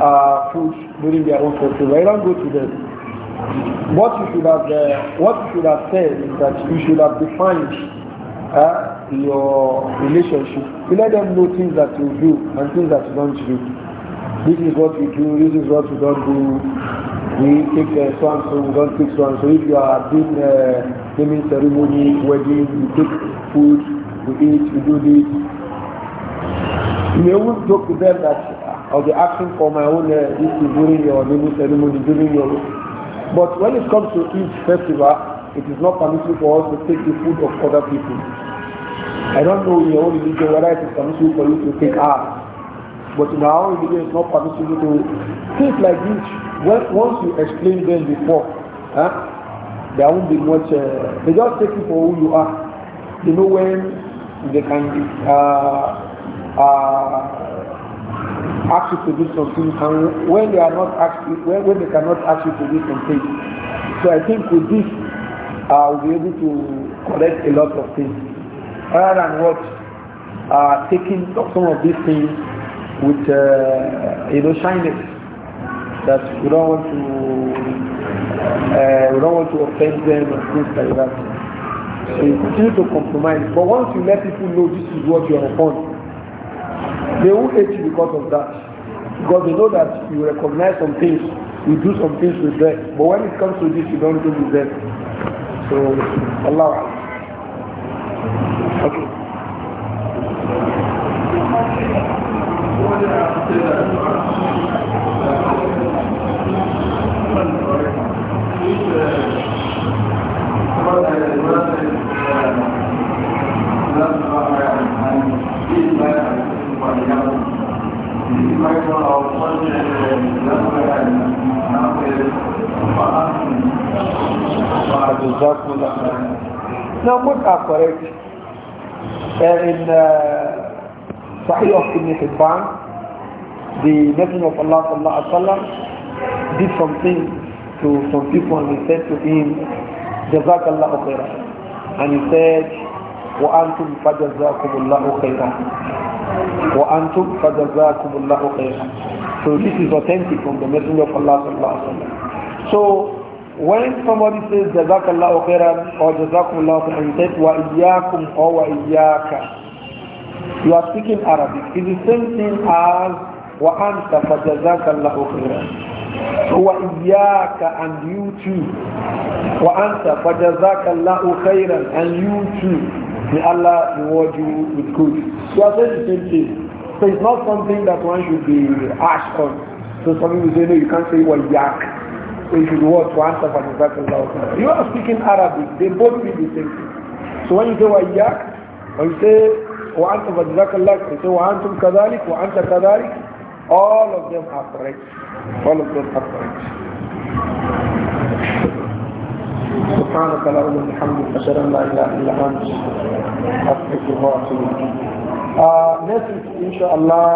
uh, food during their own festival? I don't go to them. What you should have, uh, what you should have said is that you should have defined uh, your relationship. You let them know things that you do and things that you don't do. This is what you do. This is what you don't do we take uh, so we don't take swan. so. If you are doing a uh, naming ceremony, wedding, we take food, we eat, we do this. You always talk to them that I'll uh, be asking for my own, uh, this is during your naming ceremony, during your... But when it comes to each festival, it is not permissible for us to take the food of other people. I don't know in your own religion whether it is permissible for you to take ours. But in our own religion, it's not permissible to take like this. When, once you explain them before, huh, there won't be much. Uh, they just take you for who you are. They know when they can uh, uh, ask you to do something, and when they are not asked, when, when they cannot ask you to do something. So I think with this, I uh, will be able to collect a lot of things, rather than what uh, taking some of these things with uh, you know shyness that we don't want to uh, we don't want to offend them and things like that. So you continue to compromise. But once you let people know this is what you are upon, they will hate you because of that. Because they know that you recognize some things, you do some things with them. But when it comes to this, you don't do with them. So Allah. Okay. Okay. Now both are correct. And in uh, Sahih of Ibn Hibban, the Messenger of Allah sallallahu alaihi wasallam did something to some people and he said to him, الله خيرا And he said, وأنتم فجزاكم الله خيرا وأنتم فجزاكم الله خيرا So this is authentic from the Messenger of Allah sallallahu alaihi wasallam. So when somebody says jazakallahu khairan or jazakumullahu khairan, you say wa iyyakum or wa iyyaka. You are speaking Arabic. It's the same thing as wa anta fa jazakallahu khairan. wa iyyaka and you too. Wa anta fa jazakallahu khairan and you too. May Allah reward you with good. You are saying the same thing. So it's not something that one should be asked on. So somebody will say, no, you can't say wa iyyaka. So you should watch one of and You are speaking Arabic. They both mean the same thing. So when you say yak, when you say وأنتم فجزاك الله you say وأنتم wa وأنت كذلك all of them are correct all of them are correct سبحانك اللهم وبحمدك أشهد أن لا إله إلا أنت أستغفرك وأتوب إليك next inshallah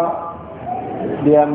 there